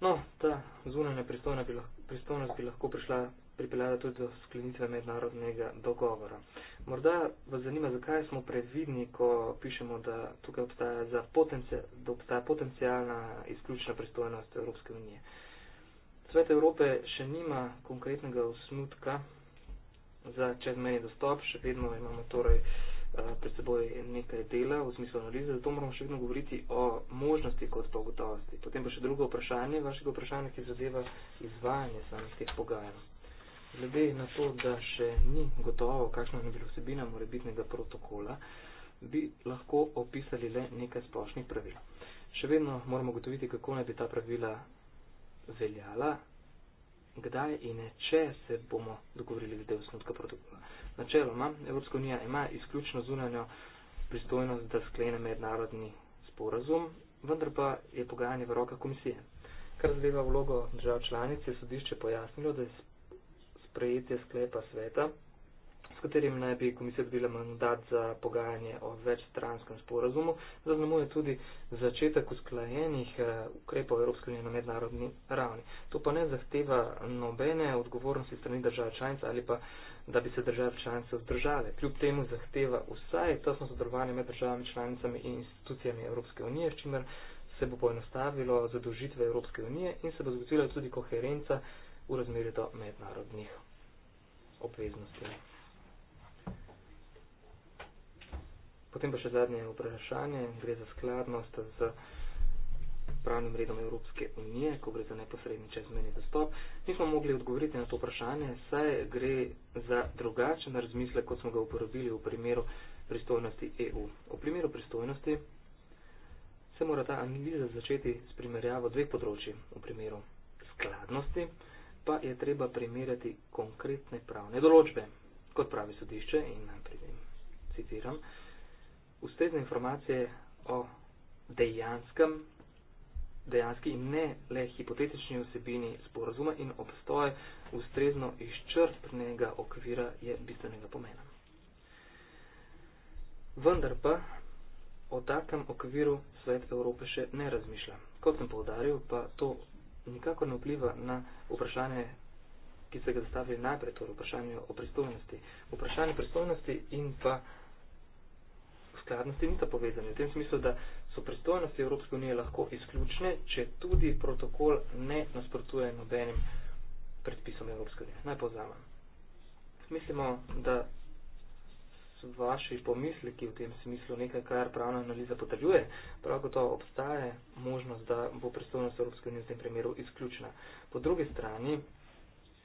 No, ta zunanja pristojnost bi lahko prišla, pripeljala tudi do sklenitve mednarodnega dogovora. Morda vas zanima, zakaj smo previdni, ko pišemo, da tukaj obstaja, za potencijal, da obstaja potencijalna izključna pristojnost Evropske unije. Svet Evrope še nima konkretnega osnutka za čezmeni dostop, še vedno imamo torej uh, Eh, pred seboj nekaj dela v smislu analize, zato moramo še vedno govoriti o možnosti kot pa o gotovosti. Potem pa še drugo vprašanje, vašega vprašanja, ki zadeva izvajanje samih teh pogajanj. Glede na to, da še ni gotovo, kakšna je bila vsebina morebitnega protokola, bi lahko opisali le nekaj splošnih pravil. Še vedno moramo gotoviti, kako naj bi ta pravila veljala, kdaj in če se bomo dogovorili glede osnutka protokola. Načeloma Evropska unija ima izključno zunanjo pristojnost, da sklene mednarodni sporazum, vendar pa je pogajanje v roka komisije. Kar zadeva vlogo držav članic, je sodišče pojasnilo, da je sprejetje sklepa sveta s katerim naj bi komisija dobila mandat za pogajanje o večstranskem sporazumu, zaznamuje tudi začetek usklajenih eh, ukrepov Evropske unije na mednarodni ravni. To pa ne zahteva nobene odgovornosti strani države članice ali pa, da bi se države članice vzdržale. Kljub temu zahteva vsaj tesno sodelovanje med državami članicami in institucijami Evropske unije, s čimer se bo poenostavilo zadolžitve Evropske unije in se bo zagotovila tudi koherenca v razmerju do mednarodnih obveznosti. Potem pa še zadnje vprašanje. Gre za skladnost z pravnim redom Evropske unije, ko gre za neposredni čezmeni dostop. Nismo mogli odgovoriti na to vprašanje, saj gre za drugačen razmislek, kot smo ga uporabili v primeru pristojnosti EU. V primeru pristojnosti se mora ta analiza začeti s primerjavo dveh področji. V primeru skladnosti pa je treba primerjati konkretne pravne določbe, kot pravi sodišče in najprej citiram ustrezne informacije o dejanskem, dejanski in ne le hipotetični vsebini sporazuma in obstoj ustrezno izčrpnega okvira je bistvenega pomena. Vendar pa o takem okviru svet Evrope še ne razmišlja. Kot sem povdaril, pa to nikako ne vpliva na vprašanje, ki se ga zastavili najprej, torej vprašanje o pristojnosti. Vprašanje pristojnosti in pa skladnosti niso povezane, v tem smislu, da so pristojnosti Evropske unije lahko izključne, če tudi protokol ne nasprotuje nobenim predpisom Evropske unije. Naj povzamem. Mislimo, da so vaši pomisliki v tem smislu nekaj, kar pravna analiza potrjuje, prav kot to obstaje možnost, da bo pristojnost Evropske unije v tem primeru izključna. Po drugi strani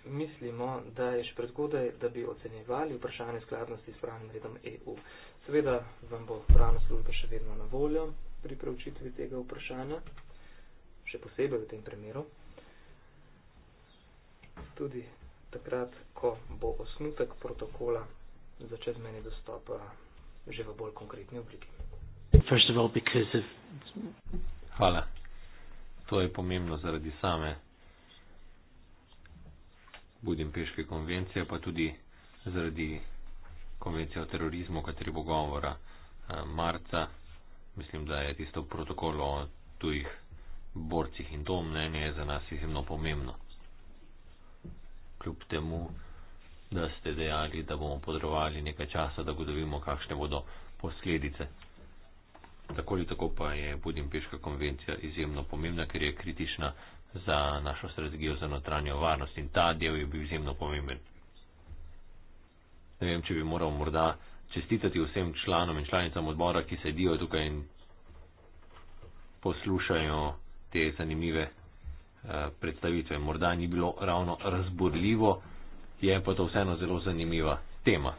mislimo, da je še predgodaj, da bi ocenjevali vprašanje skladnosti s pravnim redom EU. Seveda vam bo pravna služba še vedno na voljo pri preučitvi tega vprašanja, še posebej v tem primeru. Tudi takrat, ko bo osnutek protokola za čezmeni dostop že v bolj konkretni obliki. First of all, because of... Hvala. To je pomembno zaradi same Budimpeške konvencije, pa tudi zaradi konvencije o terorizmu, o kateri bo govora eh, marca. Mislim, da je tisto protokol o tujih borcih in to mnenje je za nas izjemno pomembno. Kljub temu, da ste dejali, da bomo podrovali nekaj časa, da gotovimo, kakšne bodo posledice. Tako ali tako pa je Budimpeška konvencija izjemno pomembna, ker je kritična za našo strategijo za notranjo varnost in ta del je bil izjemno pomemben. Ne vem, če bi moral morda čestitati vsem članom in članicam odbora, ki sedijo tukaj in poslušajo te zanimive eh, predstavitve. Morda ni bilo ravno razburljivo, je pa to vseeno zelo zanimiva tema.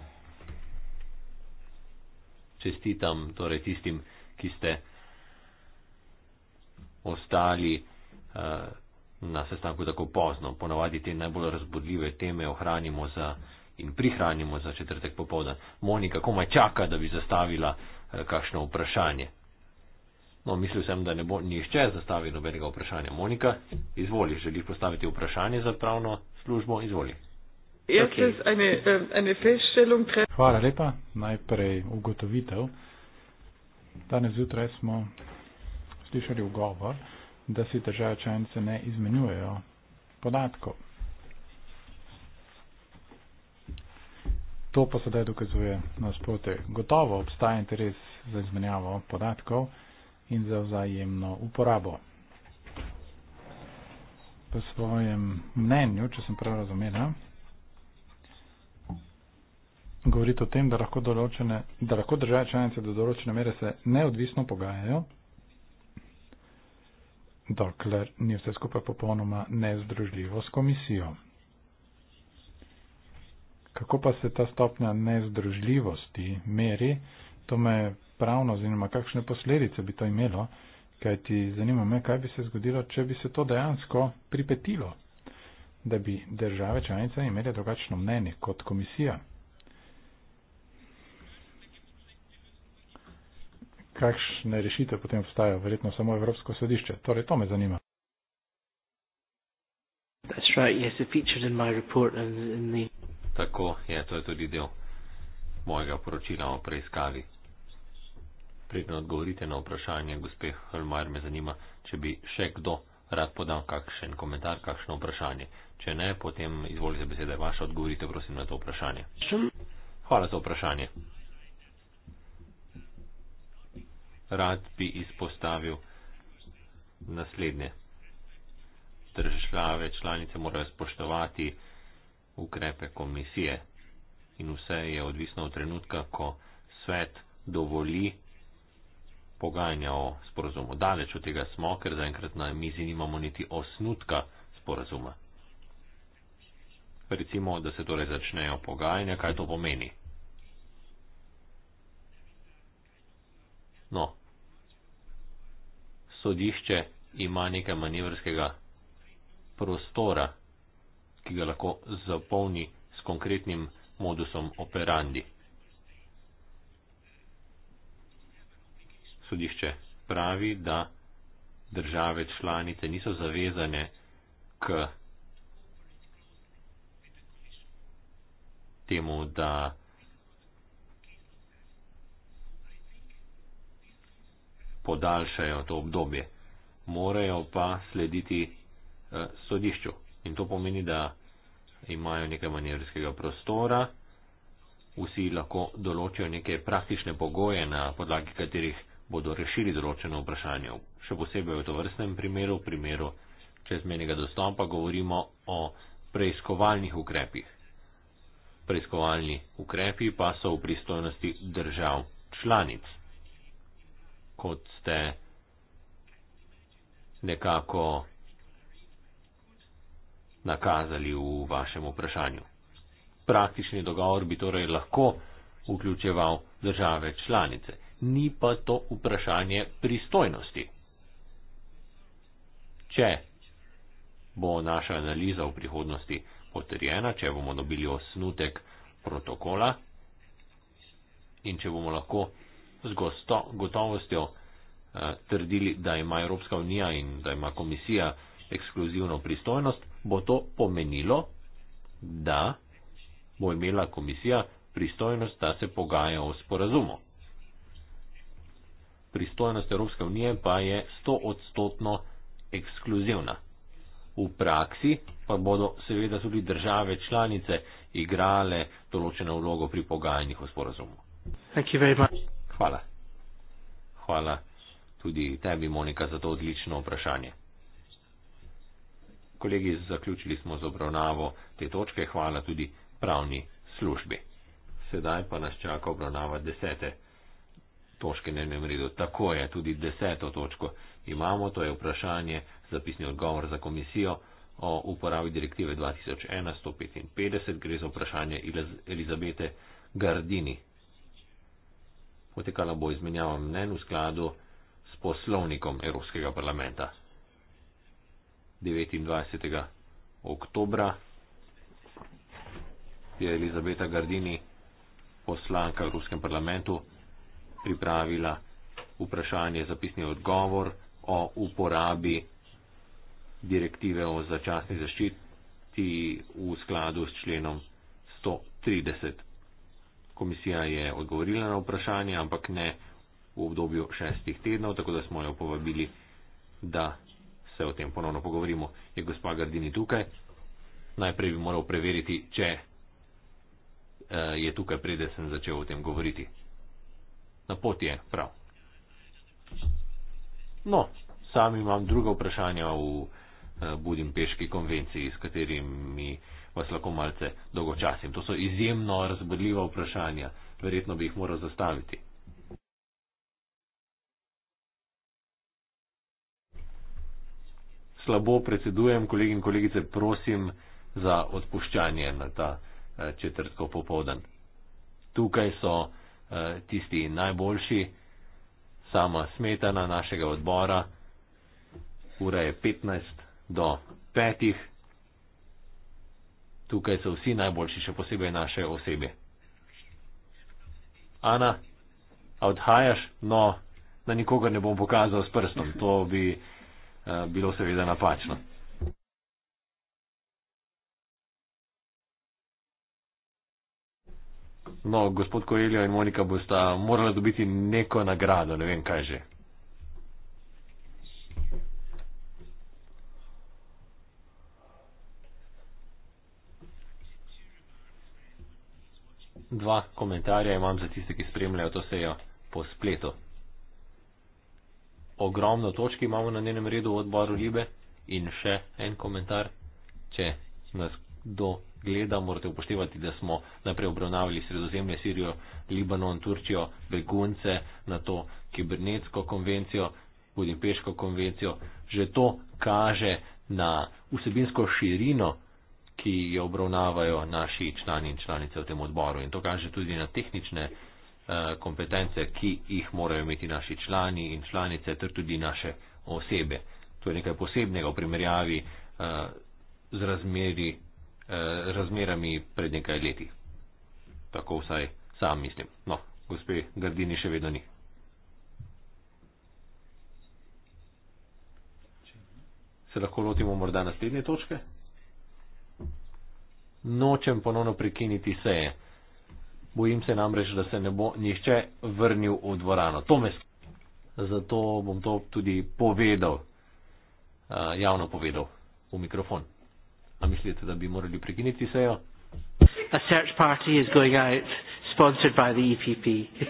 Čestitam torej tistim, ki ste ostali eh, na sestanku tako pozno. Ponavadi te najbolj razbudljive teme ohranimo za in prihranimo za četrtek popovdan. Monika komaj čaka, da bi zastavila eh, kakšno vprašanje. No, mislil sem, da ne bo nišče zastavil nobenega vprašanja. Monika, izvoli, želiš postaviti vprašanje za pravno službo? Izvoli. Ja, okay. Eh, Hvala lepa. Najprej ugotovitev. Danes zjutraj smo slišali ugovor da si države članice ne izmenjujejo podatkov. To pa sedaj dokazuje nasprotje. Gotovo obstaja interes za izmenjavo podatkov in za vzajemno uporabo. Po svojem mnenju, če sem prav razumela, govorite o tem, da lahko, določene, da lahko države članice do določene mere se neodvisno pogajajo dokler ni vse skupaj popolnoma nezdružljivo s komisijo. Kako pa se ta stopnja nezdružljivosti meri, to me pravno zanima, kakšne posledice bi to imelo, kaj ti zanima me, kaj bi se zgodilo, če bi se to dejansko pripetilo, da bi države članice imele drugačno mnenje kot komisija. kakšne rešitev potem obstajajo, verjetno samo Evropsko sodišče. Torej, to me zanima. Tako je, to je tudi del mojega poročila o preiskavi. Predno odgovorite na vprašanje, gospe Holmar, me zanima, če bi še kdo rad podal kakšen komentar, kakšno vprašanje. Če ne, potem izvolite besede vaša, odgovorite prosim na to vprašanje. Hvala za vprašanje. rad bi izpostavil naslednje. Države članice morajo spoštovati ukrepe komisije in vse je odvisno od trenutka, ko svet dovoli pogajanja o sporozumu. Daleč od tega smo, ker zaenkrat na mizi nimamo niti osnutka sporozuma. Recimo, da se torej začnejo pogajanja, kaj to pomeni? No, sodišče ima nekaj manevrskega prostora, ki ga lahko zapolni s konkretnim modusom operandi. Sodišče pravi, da države članice niso zavezane k temu, da podaljšajo to obdobje. Morajo pa slediti eh, sodišču. In to pomeni, da imajo nekaj manjerskega prostora, vsi lahko določijo neke praktične pogoje, na podlagi katerih bodo rešili določeno vprašanje. Še posebej v to vrstnem primeru, v primeru čezmenjega dostopa, govorimo o preiskovalnih ukrepih. Preiskovalni ukrepi pa so v pristojnosti držav članic kot ste nekako nakazali v vašem vprašanju. Praktični dogovor bi torej lahko vključeval države članice. Ni pa to vprašanje pristojnosti. Če bo naša analiza v prihodnosti potrjena, če bomo dobili osnutek protokola in če bomo lahko z gosto, gotovostjo eh, trdili, da ima Evropska unija in da ima komisija ekskluzivno pristojnost, bo to pomenilo, da bo imela komisija pristojnost, da se pogaja o sporazumu. Pristojnost Evropske unije pa je 100 odstotno ekskluzivna. V praksi pa bodo seveda tudi države članice igrale določeno vlogo pri pogajanjih o sporazumu. Thank you very much. Hvala. Hvala tudi tebi, Monika, za to odlično vprašanje. Kolegi, zaključili smo z obravnavo te točke. Hvala tudi pravni službi. Sedaj pa nas čaka obravnava desete točke na enem redu. Tako je, tudi deseto točko imamo, to je vprašanje, zapisni odgovor za komisijo o uporabi direktive 2001-155. Gre za vprašanje Elizabete Gardini, potekala bo izmenjava mnen v skladu s poslovnikom Evropskega parlamenta. 29. oktobra je Elizabeta Gardini, poslanka v Evropskem parlamentu, pripravila vprašanje za pisni odgovor o uporabi direktive o začasni zaščiti v skladu s členom 130 Komisija je odgovorila na vprašanje, ampak ne v obdobju šestih tednov, tako da smo jo povabili, da se o tem ponovno pogovorimo. Je gospa Gardini tukaj? Najprej bi moral preveriti, če eh, je tukaj, preden sem začel o tem govoriti. Na pot je prav. No, sam imam druga vprašanja v eh, Budimpeški konvenciji, s katerimi vas lahko malce dolgočasim. To so izjemno razbodljiva vprašanja. Verjetno bi jih moral zastaviti. Slabo predsedujem, kolegi in kolegice, prosim za odpuščanje na ta eh, četrtko popovdan. Tukaj so eh, tisti najboljši, sama smetana našega odbora. Ura je 15 do 5. Tukaj so vsi najboljši, še posebej naše osebe. Ana, a odhajaš? No, na nikogar ne bom pokazal s prstom. To bi uh, bilo seveda napačno. No, gospod Koeljo in Monika bosta morala dobiti neko nagrado, ne vem kaj že. dva komentarja imam za tiste, ki spremljajo to sejo po spletu. Ogromno točk imamo na njenem redu v odboru Libe in še en komentar. Če nas kdo gleda, morate upoštevati, da smo najprej obravnavali sredozemlje Sirijo, Libanon, Turčijo, begunce, na to kibernetsko konvencijo, budimpeško konvencijo. Že to kaže na vsebinsko širino ki jo obravnavajo naši člani in članice v tem odboru. In to kaže tudi na tehnične eh, kompetence, ki jih morajo imeti naši člani in članice, ter tudi naše osebe. To je nekaj posebnega v primerjavi eh, z razmeri, eh, razmerami pred nekaj leti. Tako vsaj sam mislim. No, gospe Gardini še vedno ni. Se lahko lotimo morda naslednje točke? nočem ponovno prekiniti seje. Bojim se namreč, da se ne bo nihče vrnil v dvorano. To me skrbi. Zato bom to tudi povedal, javno povedal v mikrofon. A mislite, da bi morali prekiniti sejo? Out, e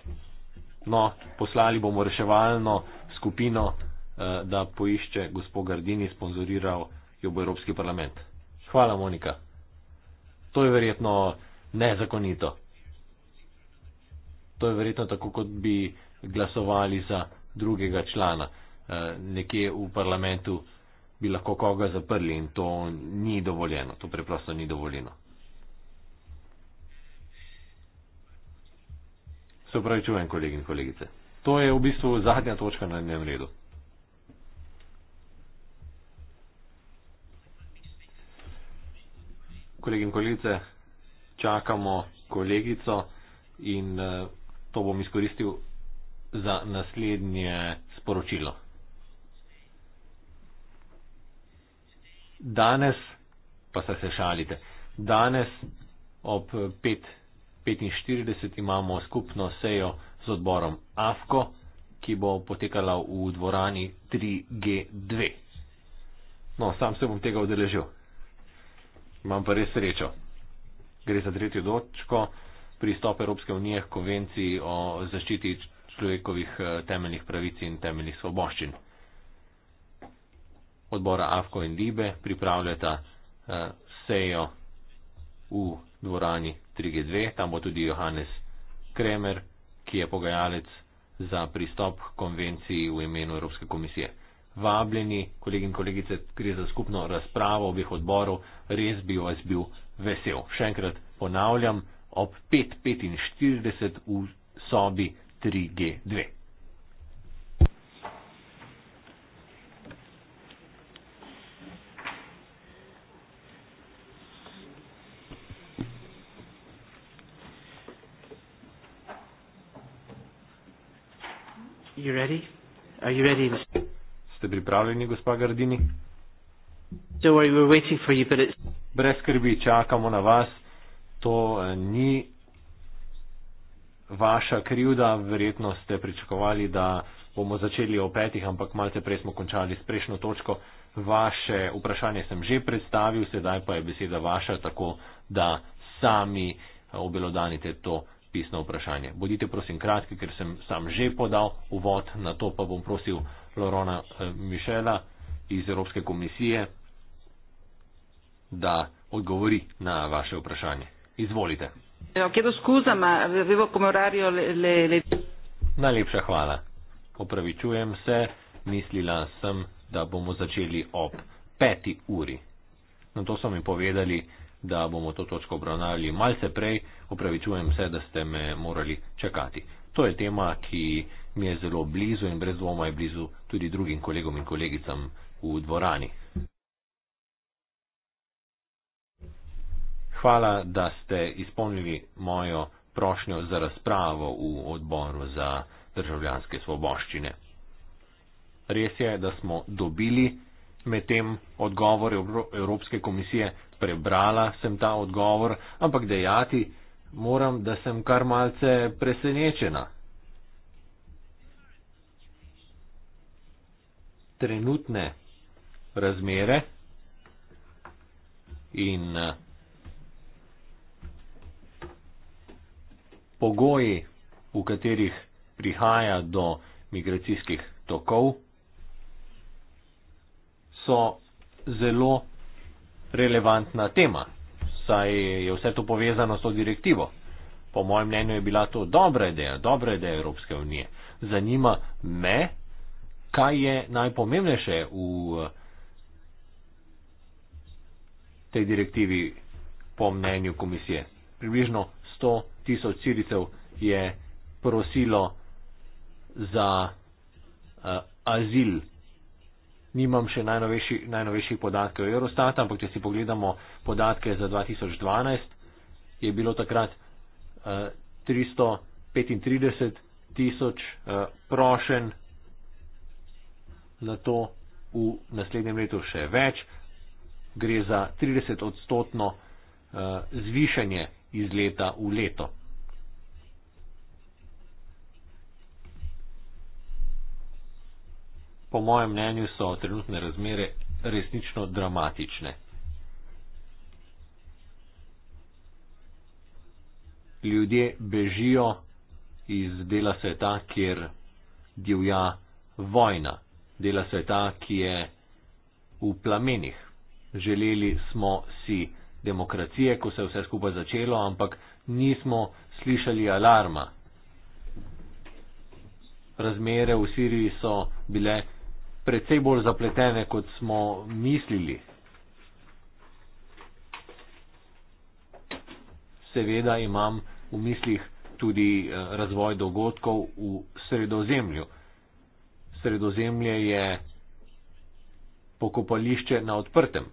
no, poslali bomo reševalno skupino, da poišče gospod Gardini, sponzoriral jo bo Evropski parlament. Hvala, Monika. To je verjetno nezakonito. To je verjetno tako, kot bi glasovali za drugega člana. Eh, nekje v parlamentu bi lahko koga zaprli in to ni dovoljeno. To preprosto ni dovoljeno. Se pravi, čujem, kolegi in kolegice. To je v bistvu zadnja točka na dnevnem redu. kolegi in kolegice, čakamo kolegico in eh, to bom izkoristil za naslednje sporočilo. Danes, pa se se šalite, danes ob 5.45 imamo skupno sejo z odborom AFKO, ki bo potekala v dvorani 3G2. No, sam se bom tega odeležil imam pa res srečo. Gre za tretjo dočko pristop Evropske unije k konvenciji o zaščiti človekovih eh, temeljnih pravic in temeljnih svoboščin. Odbora AFKO in DIBE pripravljata eh, sejo v dvorani 3G2, tam bo tudi Johannes Kremer, ki je pogajalec za pristop konvenciji v imenu Evropske komisije vabljeni, kolegi in kolegice, gre za skupno razpravo obih odborov, res bi vas bil vesel. Še enkrat ponavljam, ob 5.45 v sobi 3G2. You ready? Are you ready? Ste pripravljeni, gospa Gardini? Worry, you, Brez skrbi, čakamo na vas. To eh, ni vaša krivda. Verjetno ste pričakovali, da bomo začeli o petih, ampak malce prej smo končali s prejšnjo točko. Vaše vprašanje sem že predstavil, sedaj pa je beseda vaša, tako da sami eh, obelodanite to pisno vprašanje. Bodite prosim kratki, ker sem sam že podal uvod, na to pa bom prosil. Lorona eh, Mišela iz Evropske komisije, da odgovori na vaše vprašanje. Izvolite. Ja, Najlepša hvala. Opravičujem se, mislila sem, da bomo začeli ob peti uri. Na to so mi povedali, da bomo to točko obravnavali malce prej. Opravičujem se, da ste me morali čakati. To je tema, ki mi je zelo blizu in brez dvoma je blizu tudi drugim kolegom in kolegicam v dvorani. Hvala, da ste izpolnili mojo prošnjo za razpravo v odboru za državljanske svoboščine. Res je, da smo dobili med tem odgovor Evropske komisije, prebrala sem ta odgovor, ampak dejati moram, da sem kar malce presenečena. trenutne razmere in eh, pogoji, v katerih prihaja do migracijskih tokov, so zelo relevantna tema, saj je vse to povezano s to direktivo. Po mojem mnenju je bila to dobra ideja, dobra ideja Evropske unije. Zanima me, kaj je najpomembnejše v eh, tej direktivi po mnenju komisije. Približno 100 tisoč siricev je prosilo za uh, azil. Nimam še najnovejših najnovejši podatkov Eurostata, ampak če si pogledamo podatke za 2012, je bilo takrat uh, eh, 335 tisoč uh, prošen na to v naslednjem letu še več. Gre za 30 odstotno eh, zvišanje iz leta v leto. Po mojem mnenju so trenutne razmere resnično dramatične. Ljudje bežijo iz dela sveta, kjer divja vojna dela sveta, ki je v plamenih. Želeli smo si demokracije, ko se je vse skupaj začelo, ampak nismo slišali alarma. Razmere v Siriji so bile predvsej bolj zapletene, kot smo mislili. Seveda imam v mislih tudi eh, razvoj dogodkov v sredozemlju sredozemlje je pokopališče na odprtem.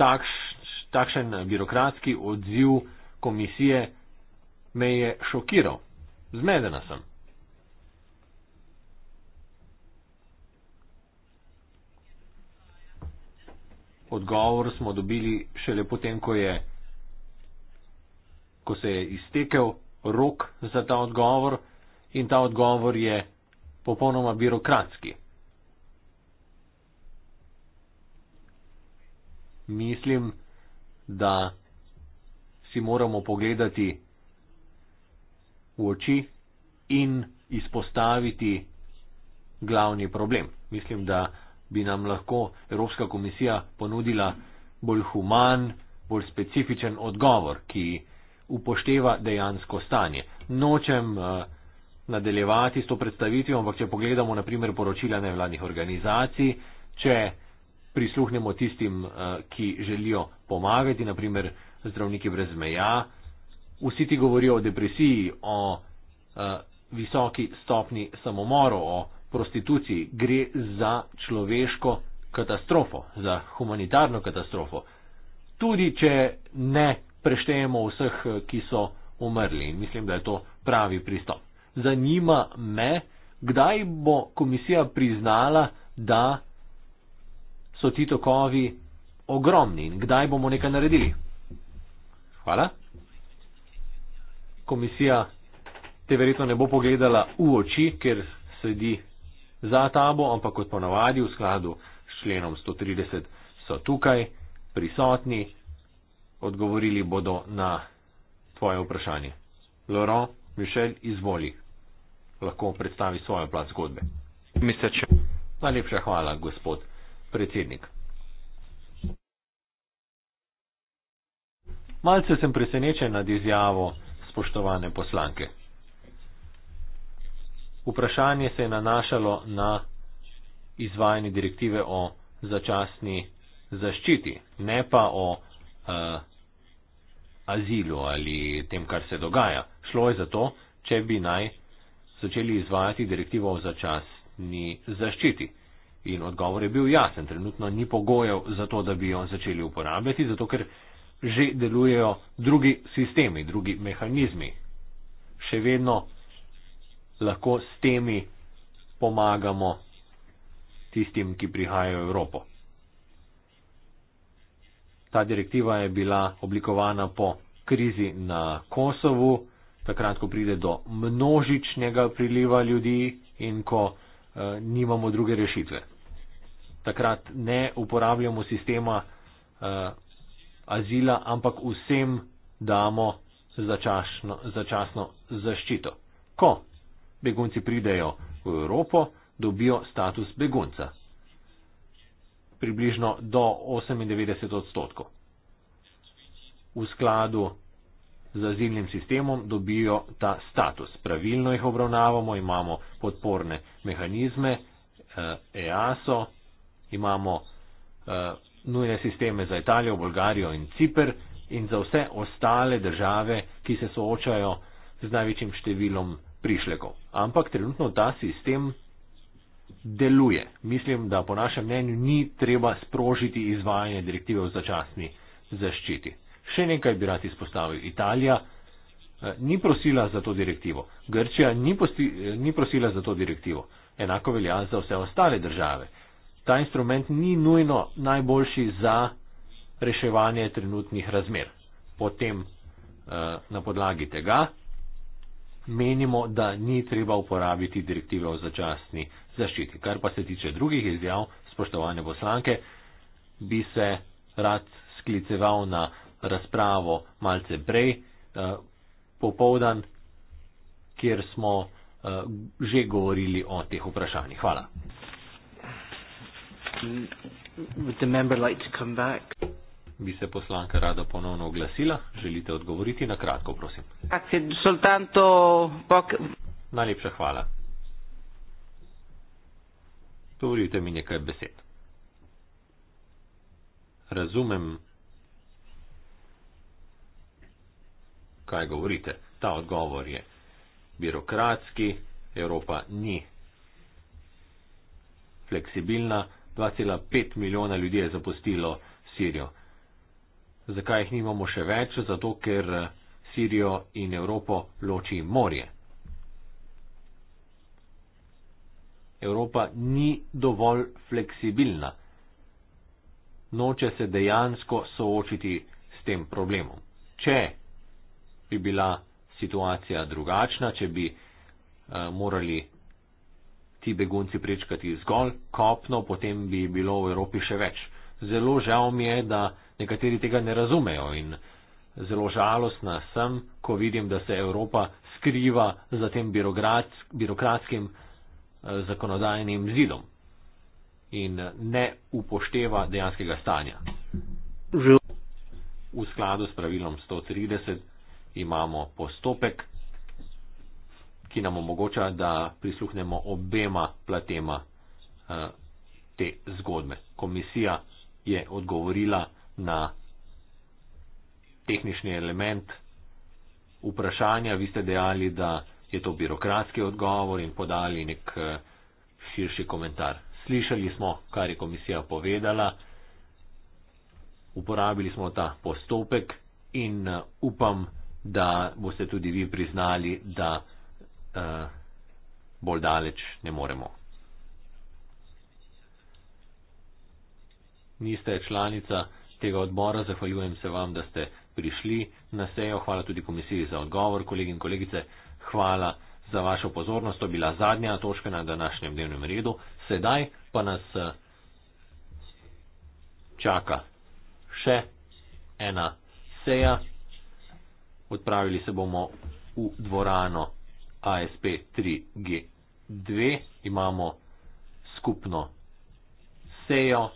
Takš, takšen birokratski odziv komisije me je šokiral. Zmedena sem. Odgovor smo dobili šele potem, ko, je, ko se je iztekel rok za ta odgovor in ta odgovor je popolnoma birokratski. Mislim, da si moramo pogledati v oči in izpostaviti glavni problem. Mislim, da bi nam lahko Evropska komisija ponudila bolj human, bolj specifičen odgovor, ki upošteva dejansko stanje. Nočem uh, nadaljevati s to predstavitvijo, ampak če pogledamo naprimer poročila nevladnih organizacij, če prisluhnemo tistim, eh, ki želijo pomagati, naprimer zdravniki brez meja, vsi ti govorijo o depresiji, o eh, visoki stopni samomoro, o prostituciji, gre za človeško katastrofo, za humanitarno katastrofo. Tudi, če ne preštejemo vseh, eh, ki so umrli. Mislim, da je to pravi pristop zanima me, kdaj bo komisija priznala, da so ti tokovi ogromni in kdaj bomo nekaj naredili. Hvala. Komisija te verjetno ne bo pogledala v oči, ker sedi za tabo, ampak kot ponavadi v skladu s členom 130 so tukaj prisotni, odgovorili bodo na tvoje vprašanje. Laurent. Mišel izvoli, lahko predstavi svojo plat zgodbe. Misleče. Najlepša hvala, gospod predsednik. Malce sem presenečen nad izjavo spoštovane poslanke. Vprašanje se je nanašalo na izvajanje direktive o začasni zaščiti, ne pa o uh, azilu ali tem, kar se dogaja. Šlo je za to, če bi naj začeli izvajati direktivo o začasni zaščiti. In odgovor je bil jasen, trenutno ni pogojev za to, da bi jo začeli uporabljati, zato ker že delujejo drugi sistemi, drugi mehanizmi. Še vedno lahko s temi pomagamo tistim, ki prihajajo v Evropo. Ta direktiva je bila oblikovana po krizi na Kosovu takrat, ko pride do množičnega priliva ljudi in ko eh, nimamo druge rešitve. Takrat ne uporabljamo sistema eh, azila, ampak vsem damo začasno, začasno zaščito. Ko begunci pridejo v Evropo, dobijo status begunca. Približno do 98 odstotkov. V skladu z azilnim sistemom dobijo ta status. Pravilno jih obravnavamo, imamo podporne mehanizme, EASO, eh, e imamo eh, nujne sisteme za Italijo, Bolgarijo in Cipr in za vse ostale države, ki se soočajo z največjim številom prišlekov. Ampak trenutno ta sistem deluje. Mislim, da po našem mnenju ni treba sprožiti izvajanje direktive o začasni zaščiti. Še nekaj bi rad izpostavil. Italija eh, ni prosila za to direktivo. Grčija ni, posti, eh, ni prosila za to direktivo. Enako velja za vse ostale države. Ta instrument ni nujno najboljši za reševanje trenutnih razmer. Potem eh, na podlagi tega menimo, da ni treba uporabiti direktive o začasni zaščiti. Kar pa se tiče drugih izjav, spoštovane poslanke, bi se rad skliceval na razpravo malce prej, eh, popovdan, kjer smo eh, že govorili o teh vprašanjih. Hvala. Bi se poslanka rada ponovno oglasila? Želite odgovoriti na kratko, prosim. Najlepša hvala. Dovolite mi nekaj besed. Razumem kaj govorite. Ta odgovor je birokratski, Evropa ni fleksibilna, 2,5 milijona ljudi je zapustilo Sirijo. Zakaj jih nimamo še več? Zato, ker Sirijo in Evropo loči morje. Evropa ni dovolj fleksibilna. Noče se dejansko soočiti s tem problemom. Če bi bila situacija drugačna, če bi uh, morali ti begunci prečkati zgolj kopno, potem bi bilo v Evropi še več. Zelo žal mi je, da nekateri tega ne razumejo in zelo žalostna sem, ko vidim, da se Evropa skriva za tem birokratskim uh, zakonodajnim zidom in ne upošteva dejanskega stanja. V skladu s pravilom 130 imamo postopek, ki nam omogoča, da prisluhnemo obema platema eh, te zgodbe. Komisija je odgovorila na tehnični element vprašanja. Vi ste dejali, da je to birokratski odgovor in podali nek eh, širši komentar. Slišali smo, kar je komisija povedala, uporabili smo ta postopek in eh, upam, da da boste tudi vi priznali, da uh, bolj daleč ne moremo. Niste članica tega odbora, zahvaljujem se vam, da ste prišli na sejo. Hvala tudi komisiji za odgovor, kolegi in kolegice. Hvala za vašo pozornost. To je bila zadnja točka na današnjem dnevnem redu. Sedaj pa nas eh, čaka še ena seja odpravili se bomo v dvorano ASP3G2. Imamo skupno sejo,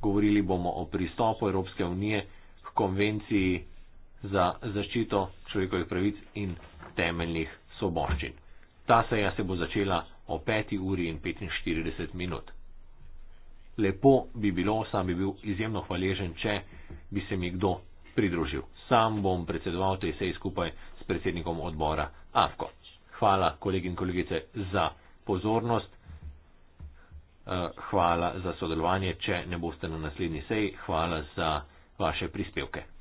govorili bomo o pristopu Evropske unije k konvenciji za zaščito človekovih pravic in temeljnih svoboščin. Ta seja se bo začela o 5. uri in 45 minut. Lepo bi bilo, sam bi bil izjemno hvaležen, če bi se mi kdo pridružil sam bom predsedoval tej seji skupaj s predsednikom odbora AFKO. Hvala kolegi in kolegice za pozornost. Eh, hvala za sodelovanje, če ne boste na naslednji seji. Hvala za vaše prispevke.